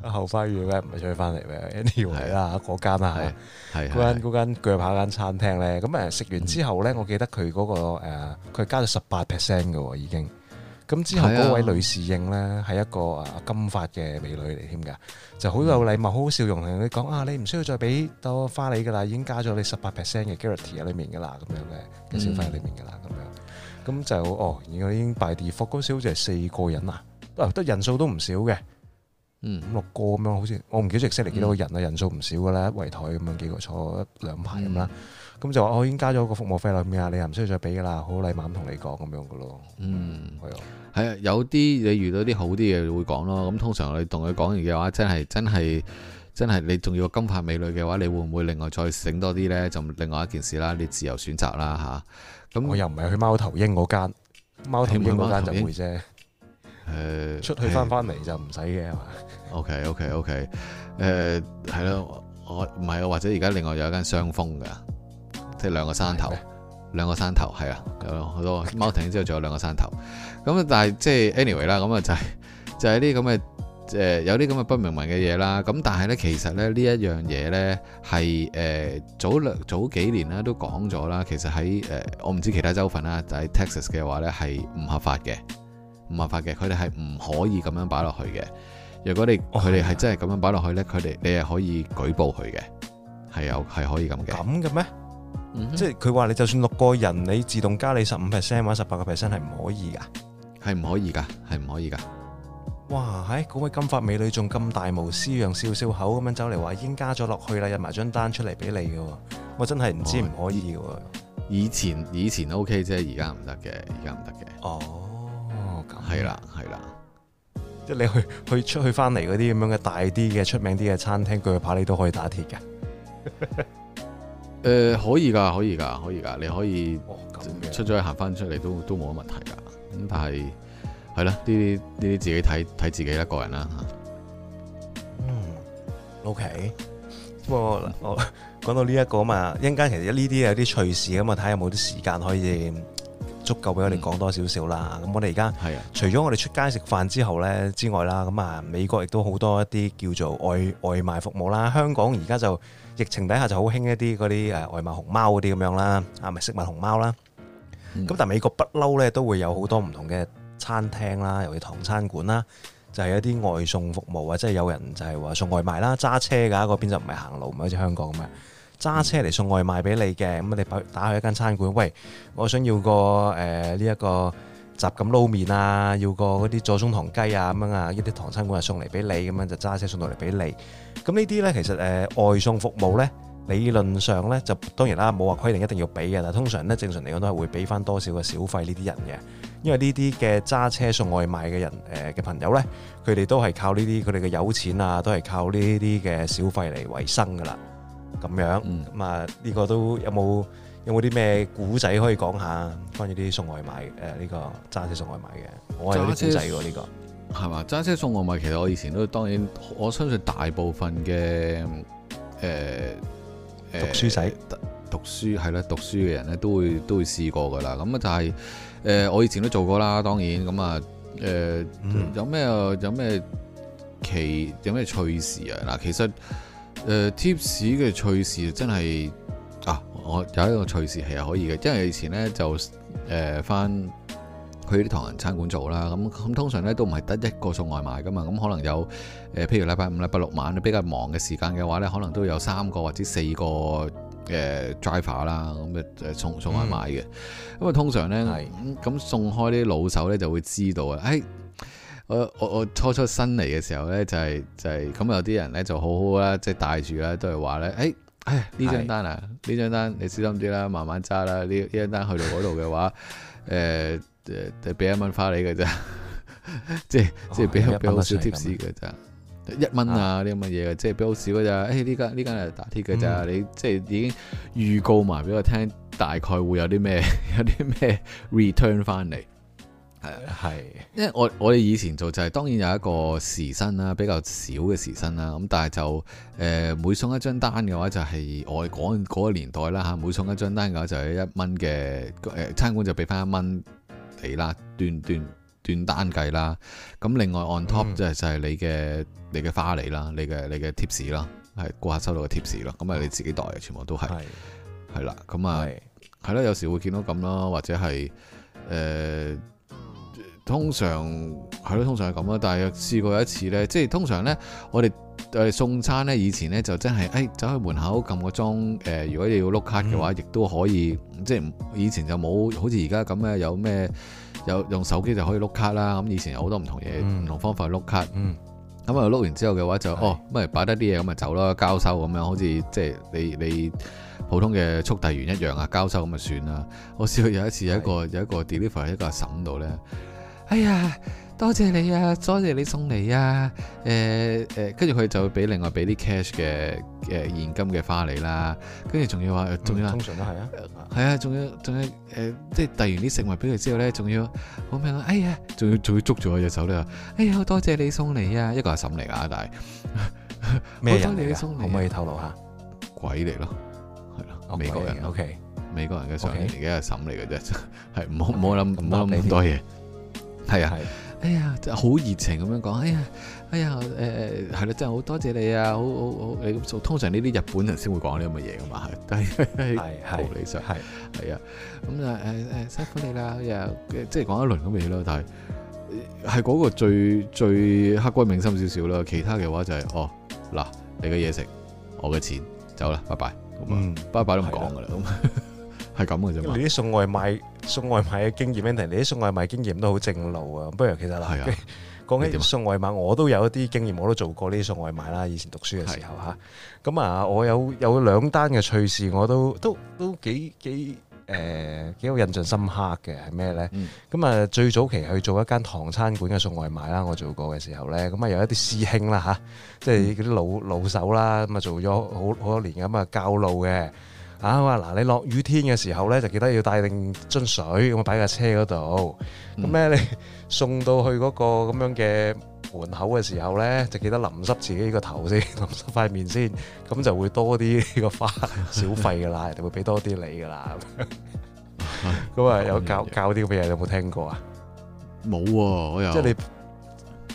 後花園咧，唔係出去翻嚟咩？anyway 啦，嗰間啊，係係嗰間嗰間鋸扒間餐廳咧。咁誒食完之後咧，我記得佢嗰個佢加咗十八 percent 嘅喎，已經。咁之後嗰位女侍應咧，係一個啊，金髮嘅美女嚟添㗎，就好有禮貌，嗯、好笑容同你講啊，你唔需要再俾多花你㗎啦，已經加咗你十八 percent 嘅 guarantee 喺裡面㗎啦，咁樣嘅嘅消費喺裡面㗎啦，咁樣，咁、嗯、就哦，而家已經 by default，嗰時好似係四個人啊，得人數都唔少嘅，五六個咁樣，好似我唔記得 exactly 幾多個人啊，人數唔少㗎啦，一圍台咁樣幾個坐一兩排咁啦，咁、嗯、就話我、啊、已經加咗個服務費啦，咩啊，你唔需要再俾㗎啦，好好禮貌咁同你講咁樣㗎咯、嗯嗯，嗯，係、嗯、啊。嗯係啊，有啲你遇到啲好啲嘅會講咯。咁通常你同佢講完嘅話，真係真係真係，你仲要金髮美女嘅話，你會唔會另外再醒多啲呢？就另外一件事啦，你自由選擇啦吓，咁我又唔係去貓頭鷹嗰間，貓頭鷹嗰間，間就會啫。誒、呃，出去翻翻嚟就唔使嘅係嘛？OK OK OK，誒係咯，我唔係啊，或者而家另外有一間雙峰㗎，即係兩個山頭。兩個山頭係啊，咁好多。Mounting 之後仲有兩個山頭，咁但係即係 anyway 啦、就是，咁啊就係就係啲咁嘅誒，有啲咁嘅不明文嘅嘢啦。咁但係咧，其實咧呢一樣嘢咧係誒早兩早幾年咧都講咗啦。其實喺誒、呃、我唔知其他州份啦，就喺、是、Texas 嘅話咧係唔合法嘅，唔合法嘅。佢哋係唔可以咁樣擺落去嘅。如果你佢哋係真係咁樣擺落去咧，佢哋你係可以舉報佢嘅，係有係可以咁嘅。咁嘅咩？即係佢話你就算六個人你自動加你十五 percent 或者十八個 percent 係唔可以噶，係唔可以噶，係唔可以噶。哇，唉、哎，嗰位金髮美女仲咁大模斯樣笑笑口咁樣走嚟話已經加咗落去啦，入埋張單出嚟俾你噶。我真係唔知唔可以噶。哦，以前以前 OK 啫，而家唔得嘅，而家唔得嘅。哦，係啦係啦，即係你去去出去翻嚟嗰啲咁樣嘅大啲嘅出名啲嘅餐廳鋸扒，你都可以打鐵噶。 誒、呃，可以噶，可以噶，可以噶，你可以、哦、出咗去行翻出嚟，都都冇乜問題噶。咁但係，係啦，呢啲呢啲，自己睇睇自己一個人啦吓。嗯，OK。不過我講、嗯、到呢、這、一個嘛，一陣間其實呢啲有啲趣事咁啊，睇下有冇啲時間可以足夠俾我哋講多少少啦。咁、嗯、我哋而家除咗我哋出街食飯之後咧之外啦，咁啊，美國亦都好多一啲叫做外外賣服務啦。香港而家就。疫情底下就好興一啲嗰啲誒外賣熊貓嗰啲咁樣啦，啊咪食物熊貓啦。咁但係美國不嬲咧，都會有好多唔同嘅餐廳啦，尤其是唐餐館啦，就係一啲外送服務啊，即係有人就係話送外賣啦，揸車㗎嗰邊就唔係行路，唔係好似香港咁樣揸車嚟送外賣俾你嘅。咁啊，你打打去一間餐館，喂，我想要個誒呢一個。雜咁撈麵啊，要個嗰啲左宗棠雞啊咁樣啊，一啲唐餐館啊送嚟俾你，咁樣就揸車送到嚟俾你。咁呢啲咧，其實誒外送服務咧，理論上咧就當然啦，冇話規定一定要俾嘅啦。通常咧，正常嚟講都係會俾翻多少嘅小費呢啲人嘅，因為呢啲嘅揸車送外賣嘅人誒嘅朋友咧，佢哋都係靠呢啲佢哋嘅有錢啊，都係靠呢啲嘅小費嚟維生噶啦。咁樣，咁啊呢個都有冇？有冇啲咩古仔可以講下啊？關於啲送外賣誒呢個揸車送外賣嘅，我係有啲古仔喎呢個，係嘛？揸車送外賣，其實我以前都當然我相信大部分嘅誒誒讀書仔讀書係啦，讀書嘅人咧都會都會試過噶啦。咁啊就係、是、誒、呃、我以前都做過啦。當然咁啊誒有咩有咩奇，有咩趣事啊？嗱，其實誒、呃、貼士嘅趣事真係～我有一個隨時係可以嘅，因為以前咧就誒翻去啲唐人餐館做啦，咁、嗯、咁通常咧都唔係得一個送外賣㗎嘛，咁、嗯、可能有誒、呃、譬如禮拜五、禮拜六晚比較忙嘅時間嘅話咧，可能都有三個或者四個誒 driver 啦，咁誒送送外賣嘅，嗯、因為通常咧咁是、嗯、送開啲老手咧就會知道啊，誒、哎、我我我初初新嚟嘅時候咧就係、是、就係、是、咁有啲人咧就好好啦，即、就、係、是、帶住咧都係話咧誒。哎呢張單啊，呢張單你小心啲啦，慢慢揸啦。呢呢張單去到嗰度嘅話，誒誒、呃，俾、呃、一蚊花、哦一啊啊哎嗯、你嘅咋，即係即係俾俾好少 t 士 p 咋，一蚊啊啲咁嘅嘢嘅，即係俾好少噶咋。誒呢間呢間係打貼嘅咋，你即係已經預告埋俾我聽，大概會有啲咩有啲咩 return 翻嚟。係因為我我哋以前做就係、是、當然有一個時薪啦，比較少嘅時薪啦，咁但係就誒每送一張單嘅話就係我哋嗰個年代啦吓，每送一張單嘅話就係、是、一蚊嘅誒，餐館就俾翻一蚊你啦，斷斷斷單計啦，咁另外 on top、嗯、就係就係你嘅你嘅花嚟啦，你嘅你嘅 tips 啦，係顧客收到嘅 tips 啦。咁啊你自己袋啊，全部都係係是啦，咁啊係啦是，有時會見到咁咯，或者係誒。呃通常係咯，通常係咁啦。但係試過一次咧，即係通常咧，我哋誒送餐咧，以前咧就真係誒、哎、走去門口撳個鐘誒、呃。如果你要碌卡嘅話，亦都、嗯、可以即係以前就冇，好似而家咁咧，有咩有用手機就可以碌卡啦。咁以前有好多唔同嘢，唔、嗯、同方法碌卡。咁啊碌完之後嘅話就是的 哦，咪擺得啲嘢咁咪走啦，交收咁樣，好似即係你你普通嘅速遞員一樣啊，交收咁咪算啦。我試過有一次有一個是的 有一個 deliver 喺一個阿嬸度咧。呢呢哎呀，多謝你啊，多謝你送嚟啊，誒、欸、誒，跟住佢就會俾另外俾啲 cash 嘅誒現金嘅花你啦，跟住仲要話，仲、呃、要通常都係啊，係啊，仲要仲要誒，即係遞完啲食物俾佢之後咧，仲要好明啊，哎呀，仲要仲要捉住我隻手咧哎呀，多謝你送嚟啊，一個阿嬸嚟噶，但係， 多謝你送嚟，可唔可以透露下？鬼嚟咯，係咯，美國人，OK，美國人嘅上嚟嘅阿嬸嚟嘅啫，係唔好唔好諗唔好諗咁多嘢。係啊，係的，哎呀，好熱情咁樣講，哎呀，哎呀，誒、呃、誒，係咯，真係好多謝你啊，好好好，通常呢啲日本人先會講呢咁嘅嘢噶嘛，係，係係無理想，係係啊，咁啊誒誒，辛苦、呃、你啦、呃，即係講一輪咁嘅嘢咯，但係係嗰個最最刻骨銘心少少啦，其他嘅話就係、是、哦，嗱，你嘅嘢食，我嘅錢，走啦，拜拜，好嘛、嗯，拜拜都唔講噶啦，咁的。嗯 係咁嘅啫嘛！你啲送外賣、送外賣嘅經驗，等等，你啲送外賣經驗都好正路啊！不如其實嗱，講起送外賣，我都有一啲經驗，我都做過呢啲送外賣啦。以前讀書嘅時候嚇，咁啊，我有有兩單嘅趣事，我都都都幾幾誒，幾好印象深刻嘅係咩咧？咁啊，最早期去做一間唐餐館嘅送外賣啦，我做過嘅時候咧，咁啊有一啲師兄啦嚇，即係嗰啲老老手啦，咁啊做咗好好多年咁啊教路嘅。啊！我話嗱，你落雨天嘅時候咧，就記得要帶定樽水咁啊，擺架車嗰度。咁咧，你送到去嗰個咁樣嘅門口嘅時候咧，就記得淋濕自己個頭先，淋濕塊面先，咁就會多啲呢個花小費噶啦，人哋會俾多啲你噶啦。咁啊，有教教啲咁嘅嘢，有冇聽過啊？冇喎，我又。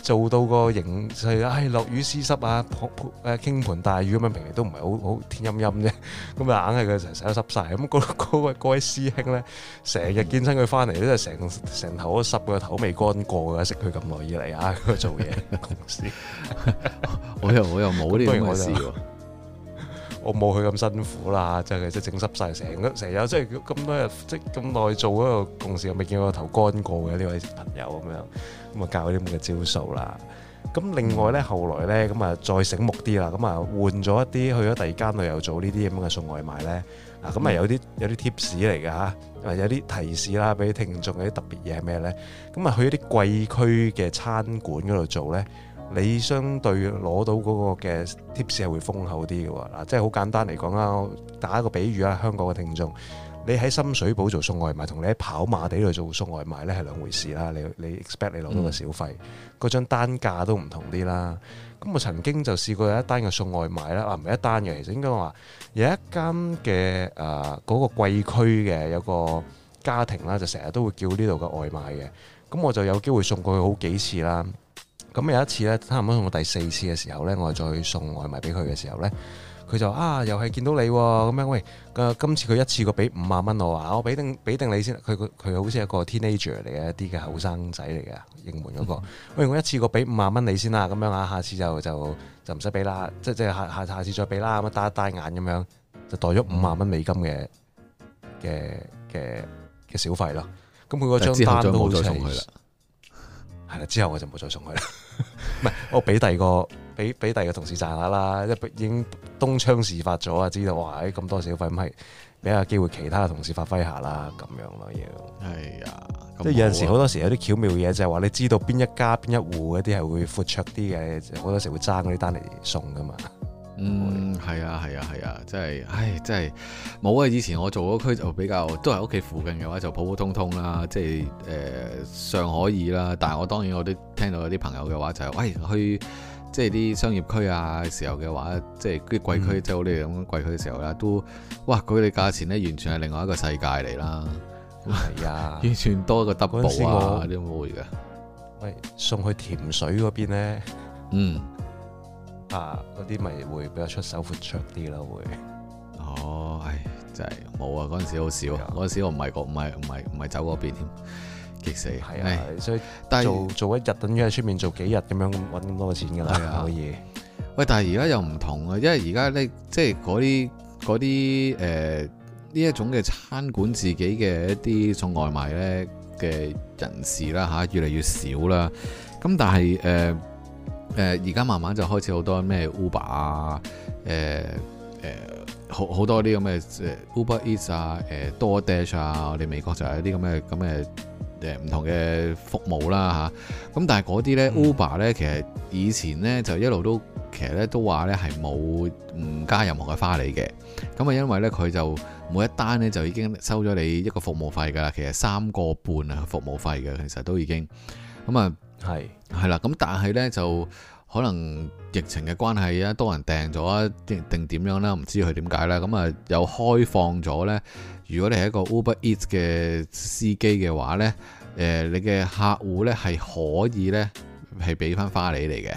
做到個形勢就係唉落雨絲濕啊，滂潑傾盆大雨咁樣，平時都唔係好好天陰陰啫，咁啊硬係佢成日洗到濕晒，咁嗰位位師兄咧，成日見親佢翻嚟都真係成成頭都濕，個頭未乾過㗎，識佢咁耐以嚟啊，佢度做嘢，我又我又冇呢啲咁嘅我冇佢咁辛苦啦，即係即整濕晒成個成日，即係咁多日，即咁耐做嗰個工時，未見過頭乾過嘅呢位朋友咁樣，咁啊教啲咁嘅招數啦。咁另外咧，後來咧咁啊再醒目啲啦，咁啊換咗一啲去咗第二間旅遊做呢啲咁嘅送外賣咧，啊咁啊有啲有啲貼士嚟㗎吓，有啲提示啦，俾啲聽眾有啲特別嘢係咩咧？咁啊去一啲貴區嘅餐館嗰度做咧。你相對攞到嗰個嘅 tips 係會豐厚啲嘅喎，嗱，即係好簡單嚟講啦，打一個比喻啦，香港嘅聽眾，你喺深水埗做送外賣，同你喺跑馬地度做送外賣呢係兩回事啦。你你 expect 你攞到個小費，嗰、嗯、張單價都唔同啲啦。咁我曾經就試過有一單嘅送外賣啦，啊唔係一單嘅，其實應該話有一間嘅誒嗰個貴區嘅有個家庭啦，就成日都會叫呢度嘅外賣嘅，咁我就有機會送過去好幾次啦。咁有一次咧，差唔多到第四次嘅時候咧，我再送外賣俾佢嘅時候咧，佢就啊，又係見到你咁、啊、樣喂、啊，今次佢一次過俾五萬蚊我話，我俾定俾定你先。佢佢好似一個 teenager 嚟嘅一啲嘅後生仔嚟嘅，應門嗰、那個。喂、嗯，我、啊、一次過俾五萬蚊你先啦、啊，咁樣啊，下次就就就唔使俾啦，即即下下次再俾啦，咁樣帶一帶眼咁樣，就袋咗五萬蚊美金嘅嘅嘅嘅小費咯。咁佢嗰張單都冇咗上去啦。係啦，之後我就冇再送佢啦。 唔係， 我俾第二個，俾俾第二個同事賺下啦，因為已經東窗事發咗啊！知道哇，咁多小費咁係，俾下機會其他嘅同事發揮下啦，咁樣咯要。係、哎、呀是啊，即係有陣時好多時有啲巧妙嘢，就係話，你知道邊一家邊一戶嗰啲係會闊綽啲嘅，好多時會爭嗰啲單嚟送噶嘛。嗯，係啊，係啊，係啊，真係，唉，真係冇啊！以前我做嗰區就比較，都係屋企附近嘅話就普普通通啦，即係誒尚可以啦。但係我當然我都聽到有啲朋友嘅話就係、是，喂、哎、去即係啲商業區啊時候嘅話，即係啲貴區，即係、嗯、好似咁貴區嘅時候啦，都哇，佢哋價錢咧完全係另外一個世界嚟啦，係、嗯、 啊，完全多一個 double 啊，啲冇噶，喂送去甜水嗰邊咧，嗯。啊！嗰啲咪會比較出手闊綽啲咯，會。哦，唉，真係冇啊！嗰陣時好少，嗰陣、啊、時我唔係唔係唔係唔係走過邊添，激死！係啊，唉所以但係是做做一日，等於喺出面做幾日咁樣揾咁多嘅錢㗎啦，哎、呀可以。喂，但係而家又唔同啊，因為而家咧，即係嗰啲嗰啲誒呢一種嘅餐館自己嘅一啲送外賣咧嘅人士啦吓、呃，越嚟越少啦。咁但係誒。呃誒而家慢慢就開始好多咩 Uber 啊，誒誒好好多啲咁嘅 Uber Eats 啊，誒、呃、DoorDash 啊，我哋美國就有一啲咁嘅咁嘅誒唔同嘅服務啦、啊、嚇。咁、啊、但係嗰啲咧 Uber 咧，其實以前咧就一路都其實咧都話咧係冇唔加任何嘅花費嘅。咁啊，因為咧佢就每一單咧就已經收咗你一個服務費㗎啦，其實三個半啊服務費嘅，其實都已經咁啊。嗯係，係啦，咁但係呢，就可能疫情嘅關係啊，多人訂咗啊，定定點樣啦，唔知佢點解啦，咁、嗯、啊又開放咗呢。如果你係一個 Uber Eats 嘅司機嘅話呢，誒、呃，你嘅客戶呢係可以呢，係俾翻花你嚟嘅，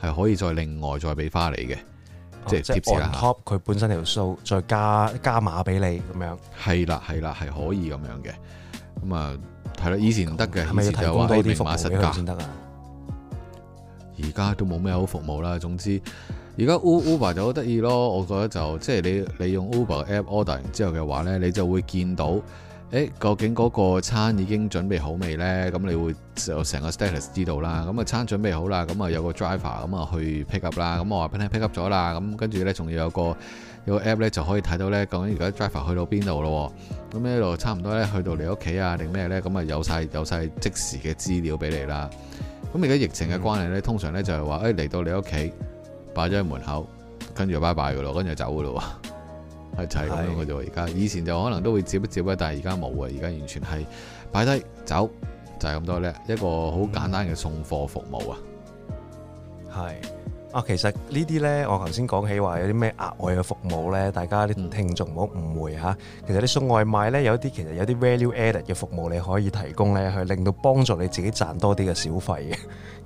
係可以再另外再俾花給你嘅，哦、即係 Tips 啦。on top，佢本身條數再加加碼俾你咁樣。係啦係啦，係可以咁樣嘅，咁、嗯、啊。係咯，以前得嘅，以前就話要、欸、明碼實價先得啊。而家都冇咩好服務啦。總之，而家 Uber 就好得意咯。我覺得就即係你你用 Uber App order 之後嘅話咧，你就會見到，誒、欸、究竟嗰個餐已經準備好未咧？咁你會有成個 status 知道啦。咁啊餐準備好啦，咁啊有個 driver 咁啊去 pickup 啦。咁我話俾你 pickup 咗啦，咁跟住咧仲要有個。有個 app 咧就可以睇到咧，究竟而家 driver 去到邊度咯喎，咁呢度差唔多咧去到你屋企啊定咩咧，咁啊有晒有晒即時嘅資料俾你啦。咁而家疫情嘅關係咧，嗯、通常咧就係話，誒、哎、嚟到你屋企，擺咗喺門口，跟住拜拜嘅咯，跟住走嘅咯喎， 係就係咁樣嘅啫喎。而家是以前就可能都會接一接嘅，但係而家冇啊，而家完全係擺低走就係、是、咁多咧，一個好簡單嘅送貨服務啊。係、嗯。啊，其實呢啲呢，我頭先講起話有啲咩額外嘅服務呢，大家啲聽眾唔好誤會吓。其實你送外賣呢，有一啲其實有啲 value added 嘅服務你可以提供呢，去令到幫助你自己賺多啲嘅小費嘅。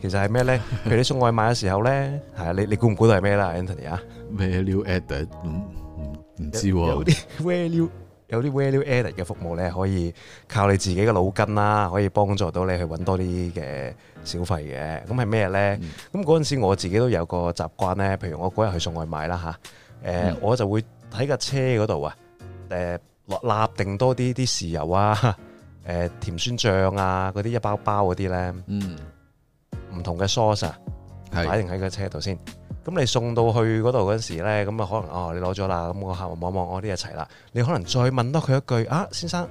其實係咩呢？譬如你送外賣嘅時候呢，係啊，你你估唔估到係咩啦？Anthony 啊，value added，唔唔唔知喎，有啲 value。有啲 value added 嘅服務咧，可以靠你自己嘅腦筋啦、啊，可以幫助到你去揾多啲嘅小費嘅。咁係咩咧？咁嗰陣時我自己都有個習慣咧。譬如我嗰日去送外賣啦吓，誒、呃嗯、我就會喺架車嗰度啊，誒、呃、立定多啲啲豉油啊，誒、呃、甜酸醬啊，嗰啲一包一包嗰啲咧，嗯，唔同嘅 sauce 啊，擺定喺個車度先。咁、嗯、你送到去嗰度嗰時呢，咁、嗯、啊可能哦，你攞咗啦，咁我客望望，我啲一齊啦。你可能再問多佢一句啊，先生誒、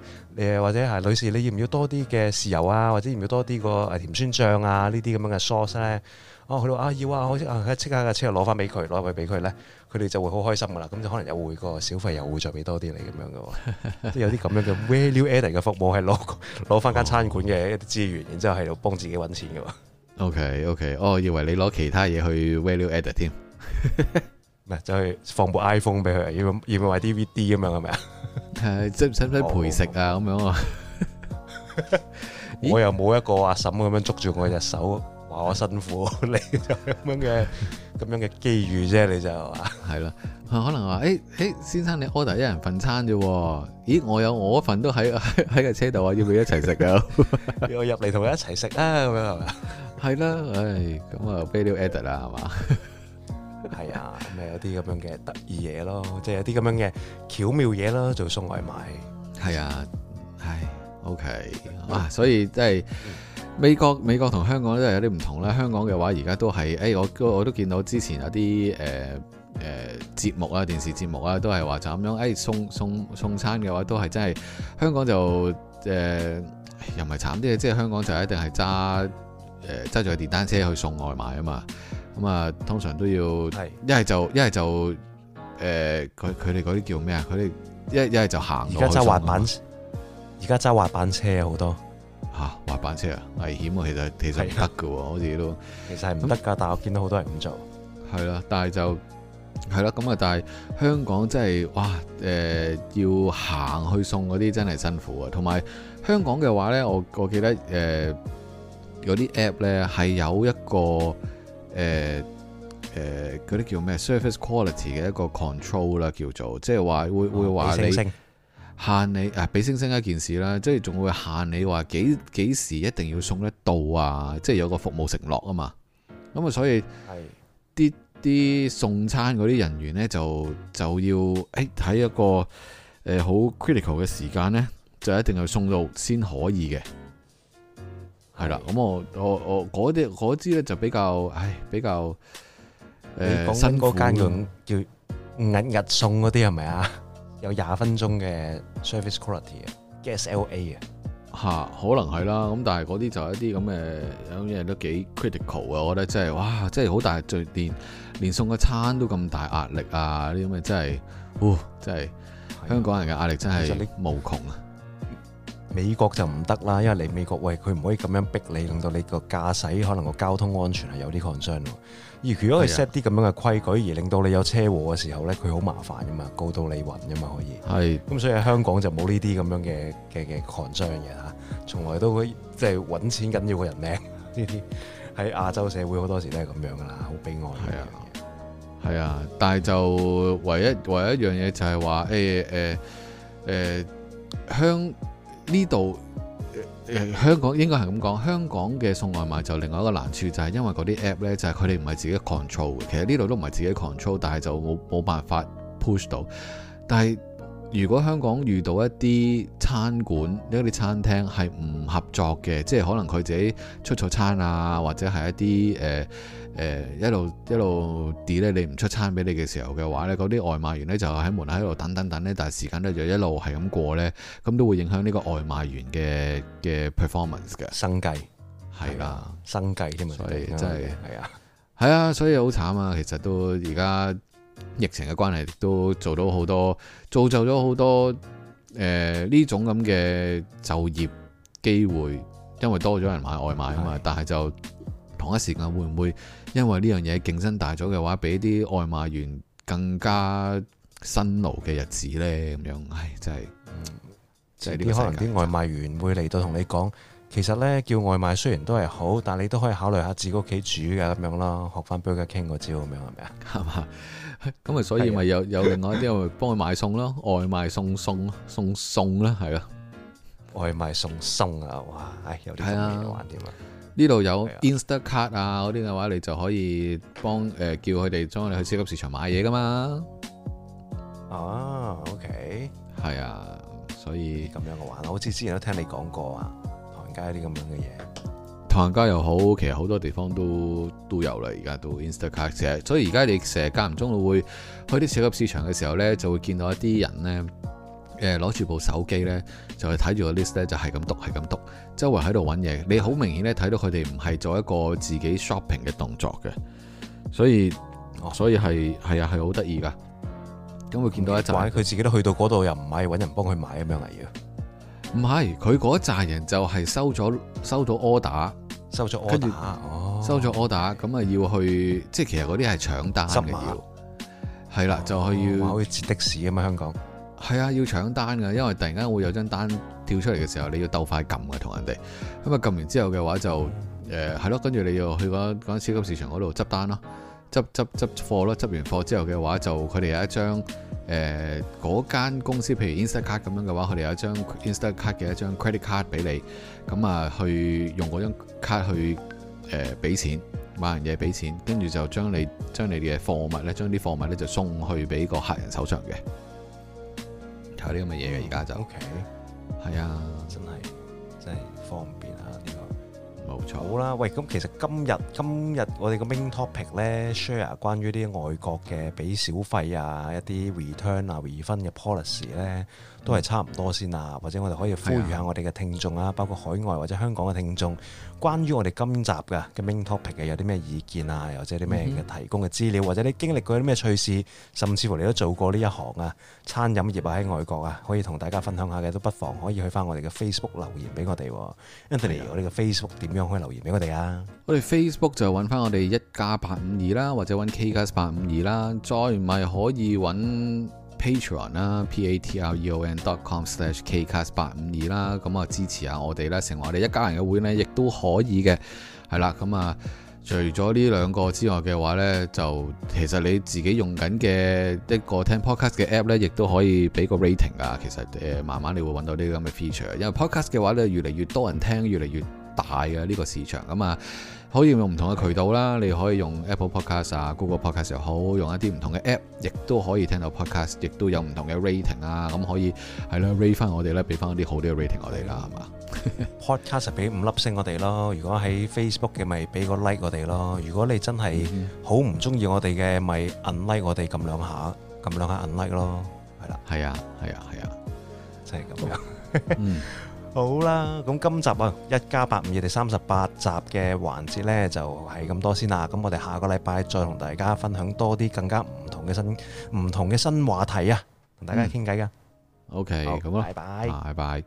呃、或者係女士，你要唔要多啲嘅豉油啊，或者要唔要多啲個甜酸醬啊？這這醬呢啲咁樣嘅 sauce 咧，哦、啊，佢啊要啊，我即刻嘅車攞翻俾佢，攞佢俾佢呢，佢哋就會好開心噶啦。咁、嗯、就可能又會個小費，又會再俾多啲你咁樣嘅喎，即、就、係、是、有啲咁樣嘅 value added 嘅服務，係攞攞翻間餐館嘅一啲資源，然之後係度幫自己揾錢嘅喎。嗯 O K O K，我以為你攞其他嘢去 value add 添， 咪就係放部 iPhone 俾佢，要要唔要 D V D 咁樣係咪 啊？係、哦，使唔使唔使陪食啊？咁樣啊？我又冇一個阿嬸咁樣捉住我隻手，話我辛苦， 你就咁樣嘅咁 樣嘅機遇啫，你就係嘛？係 咯，可能話誒、哎哎、先生你 order 一人份餐啫，咦？我有我份都喺喺個車度 啊，要唔要一齊食啊？要我入嚟同佢一齊食啊？咁樣係咪？係啦，唉，咁 啊，卑劣 add 啦，係嘛，係啊，咁咪有啲咁樣嘅得意嘢咯，即係有啲咁樣嘅巧妙嘢咯，做送外賣係啊，係 O K 啊，所以即係美國美國同香港都係有啲唔同啦。香港嘅話而家都係，誒，我我都見到之前有啲誒誒節目啊，電視節目啊，都係話就咁樣，誒，送送送餐嘅話都係真係香港就誒又唔係慘啲，即係香港就一定係揸。誒，揸住個電單車去送外賣啊嘛，咁啊，通常都要，一係就一係就，誒，佢佢哋嗰啲叫咩啊？佢哋一一係就行，而家揸滑板，而家揸滑板車好多，吓滑板車啊板車，危險啊，其實其實唔得噶喎，好似都，其實係唔得噶，但係我見到好多人咁做，係啦，但係就係啦，咁啊，但係香港真係哇，誒、呃，要行去送嗰啲真係辛苦啊，同埋香港嘅話咧，我我記得誒。呃有啲 app 咧係有一個誒誒嗰啲叫咩 Surface quality 嘅一個 control 啦，叫做即係話會、哦、會話你星星限你啊，俾星星一件事啦，即係仲會限你話幾幾時一定要送得到啊，即係有個服務承諾啊嘛。咁啊，所以係啲啲送餐嗰啲人員咧就就要喺、欸、一個誒好、呃、critical 嘅時間咧，就一定要送到先可以嘅。係啦，咁我我我嗰啲嗰支咧就比較，唉，比較誒，新嗰間叫日日送嗰啲係咪啊？有廿分鐘嘅 service quality 嘅 SLA 啊。吓，可能係啦，咁但係嗰啲就一啲咁嘅，咁嘢都幾 critical 啊！我覺得真係，哇，真係好大，最連連送個餐都咁大壓力啊！啲咁嘅真係，嗚、呃，真係的香港人嘅壓力真係無窮啊！美國就唔得啦，因為你美國喂佢唔可以咁樣逼你，令到你個駕駛可能個交通安全係有啲 concern。而如果佢 set 啲咁樣嘅規矩，的而令到你有車禍嘅時候咧，佢好麻煩噶嘛，告到你暈噶嘛可以。係的。咁所以喺香港就冇呢啲咁樣嘅嘅嘅 concern 嘅嚇，從來都可以即係揾錢緊要過人命呢啲。喺亞洲社會好多時都係咁樣噶啦，好悲哀的。係啊的，係啊，但係就唯一唯一一樣嘢就係話誒誒誒香。欸欸欸欸欸呢度誒香港應該係咁講，香港嘅送外賣就另外一個難處，就係因為嗰啲 app 呢，就係佢哋唔係自己 control 嘅。其實呢度都唔係自己 control，但係就冇冇辦法 push 到。但係如果香港遇到一啲餐館，一啲餐廳係唔合作嘅，即係可能佢自己出錯餐啊，或者係一啲誒。呃誒、呃、一路一路跌咧，你唔出餐俾你嘅時候嘅話咧，嗰啲外賣員咧就喺門口喺度等等等咧，但係時間咧就一路係咁過咧，咁都會影響呢個外賣員嘅嘅 performance 嘅生計，係啦、啊，生計添啊，啊，啊，所以真係係啊，係啊，所以好慘啊。其實都而家疫情嘅關係，都做到好多，造就咗好多誒呢、呃、種咁嘅就業機會，因為多咗人買外賣啊嘛，是但係就同一時間會唔會？因為呢樣嘢競爭大咗嘅話，俾啲外賣員更加辛勞嘅日子呢。咁樣，唉、哎，真係，即係啲可能啲外賣員會嚟到同你講，嗯、其實呢，叫外賣雖然都係好，但係你都可以考慮下自己屋企煮嘅咁樣啦，學翻 Burger King 嗰招咁樣係咪啊？係嘛，咁啊所以咪有有另外一啲咪幫佢買餸咯，外賣餸餸餸餸，啊、啦，係咯，外賣餸餸，啊，哇，係有啲好玩啲呢度有 Instacart 啊，嗰啲嘅話，你就可以幫誒、呃、叫佢哋將你去超級市場買嘢噶嘛？啊、oh，OK，係啊，所以咁樣嘅玩好似之前都聽你講過啊，唐人街啲咁樣嘅嘢，唐人街又好，其實好多地方都有都有啦，而家都 Instacart，成日所以而家你成日間唔中會去啲超級市場嘅時候咧，就會見到一啲人咧。誒攞住部手機咧，就係睇住個 list 咧，就係咁讀，係咁讀，周圍喺度揾嘢。你好明顯咧，睇到佢哋唔係做一個自己 shopping 嘅動作嘅，所以所以係係啊，係好得意噶。咁會見到一扎，佢自己都去到嗰度又唔係，揾人幫佢買咁樣嚟嘅。唔係，佢嗰扎人就係收咗收咗 order，收咗 order，收咗 order，咁啊要去即係其實嗰啲係搶單嘅馬要。係啦，就要、哦、去要可以截的士啊嘛，香港。係啊，要搶單嘅，因為突然間會有張單跳出嚟嘅時候，你要鬥快撳嘅，同人哋。咁啊撳完之後嘅話就誒係咯，跟住你要去嗰間超級市場嗰度執單咯，執執執貨咯，執完貨之後嘅話就佢哋有一張誒嗰間公司，譬如 Instacart 咁樣嘅話，佢哋有一張 Instacart 嘅一張 credit card 俾你，咁啊去用嗰張卡去誒俾錢買完嘢俾錢，跟住就將你將你嘅貨物咧，將啲貨物咧就送去俾個客人手上嘅。有呢咁嘅嘢嘅，而家就 OK，係啊，真係真係方便啊！呢個冇錯好啦。喂，咁其實今日今日我哋個 main topic 咧，share 關於啲外國嘅俾小費啊，一啲 return re 啊，refund 嘅 policy 咧。都係差唔多先啊，或者我哋可以呼籲下我哋嘅聽眾啊，的包括海外或者香港嘅聽眾，關於我哋今集嘅嘅 main topic 嘅有啲咩意見啊，又或者啲咩嘅提供嘅資料，嗯、哼或者你經歷過啲咩趣事，甚至乎你都做過呢一行啊，餐飲業啊喺外國啊，可以同大家分享下嘅，都不妨可以去翻我哋嘅 Facebook 留言俾我哋。Anthony，我哋嘅 Facebook 點樣可以留言俾我哋啊？我哋 Facebook 就揾翻我哋一加八五二啦，52, 或者揾 K 加八五二啦，52, 再唔係可以揾。Patreon 啦，P A T R E O N dot com slash Kcast 八五二啦，咁啊支持下我哋啦，成為我哋一家人嘅會員咧，亦都可以嘅，係啦。咁、嗯、啊，除咗呢兩個之外嘅話呢，就其實你自己用緊嘅一個聽 podcast 嘅 app 呢，亦都可以俾個 rating 啊。其實誒、呃，慢慢你會揾到呢啲咁嘅 feature。因為 podcast 嘅話呢，越嚟越多人聽，越嚟越大嘅呢、這個市場咁啊。嗯嗯可以用唔同嘅渠道啦，的你可以用 Apple Podcast 啊、Google Podcast 又好，用一啲唔同嘅 App，亦都可以聽到 Podcast，亦都有唔同嘅 Rating 啊。咁可以係啦，Rate 翻我哋咧，俾翻啲好啲嘅 Rating 我哋啦，係嘛？Podcast 俾五粒星我哋咯，如果喺 Facebook 嘅咪俾個 Like 我哋咯。如果你真係好唔中意我哋嘅，咪 unlike 我哋，撳兩下，撳兩下 unlike 咯。係啦，係啊，係啊，係啊，真係咁樣。嗯好啦，咁今集啊一家八五二第三十八集嘅環節呢，就係咁多先啦。咁我哋下個禮拜再同大家分享多啲更加唔同嘅新唔同嘅新話題啊，同大家傾偈噶。OK，咁咯，拜拜，拜拜。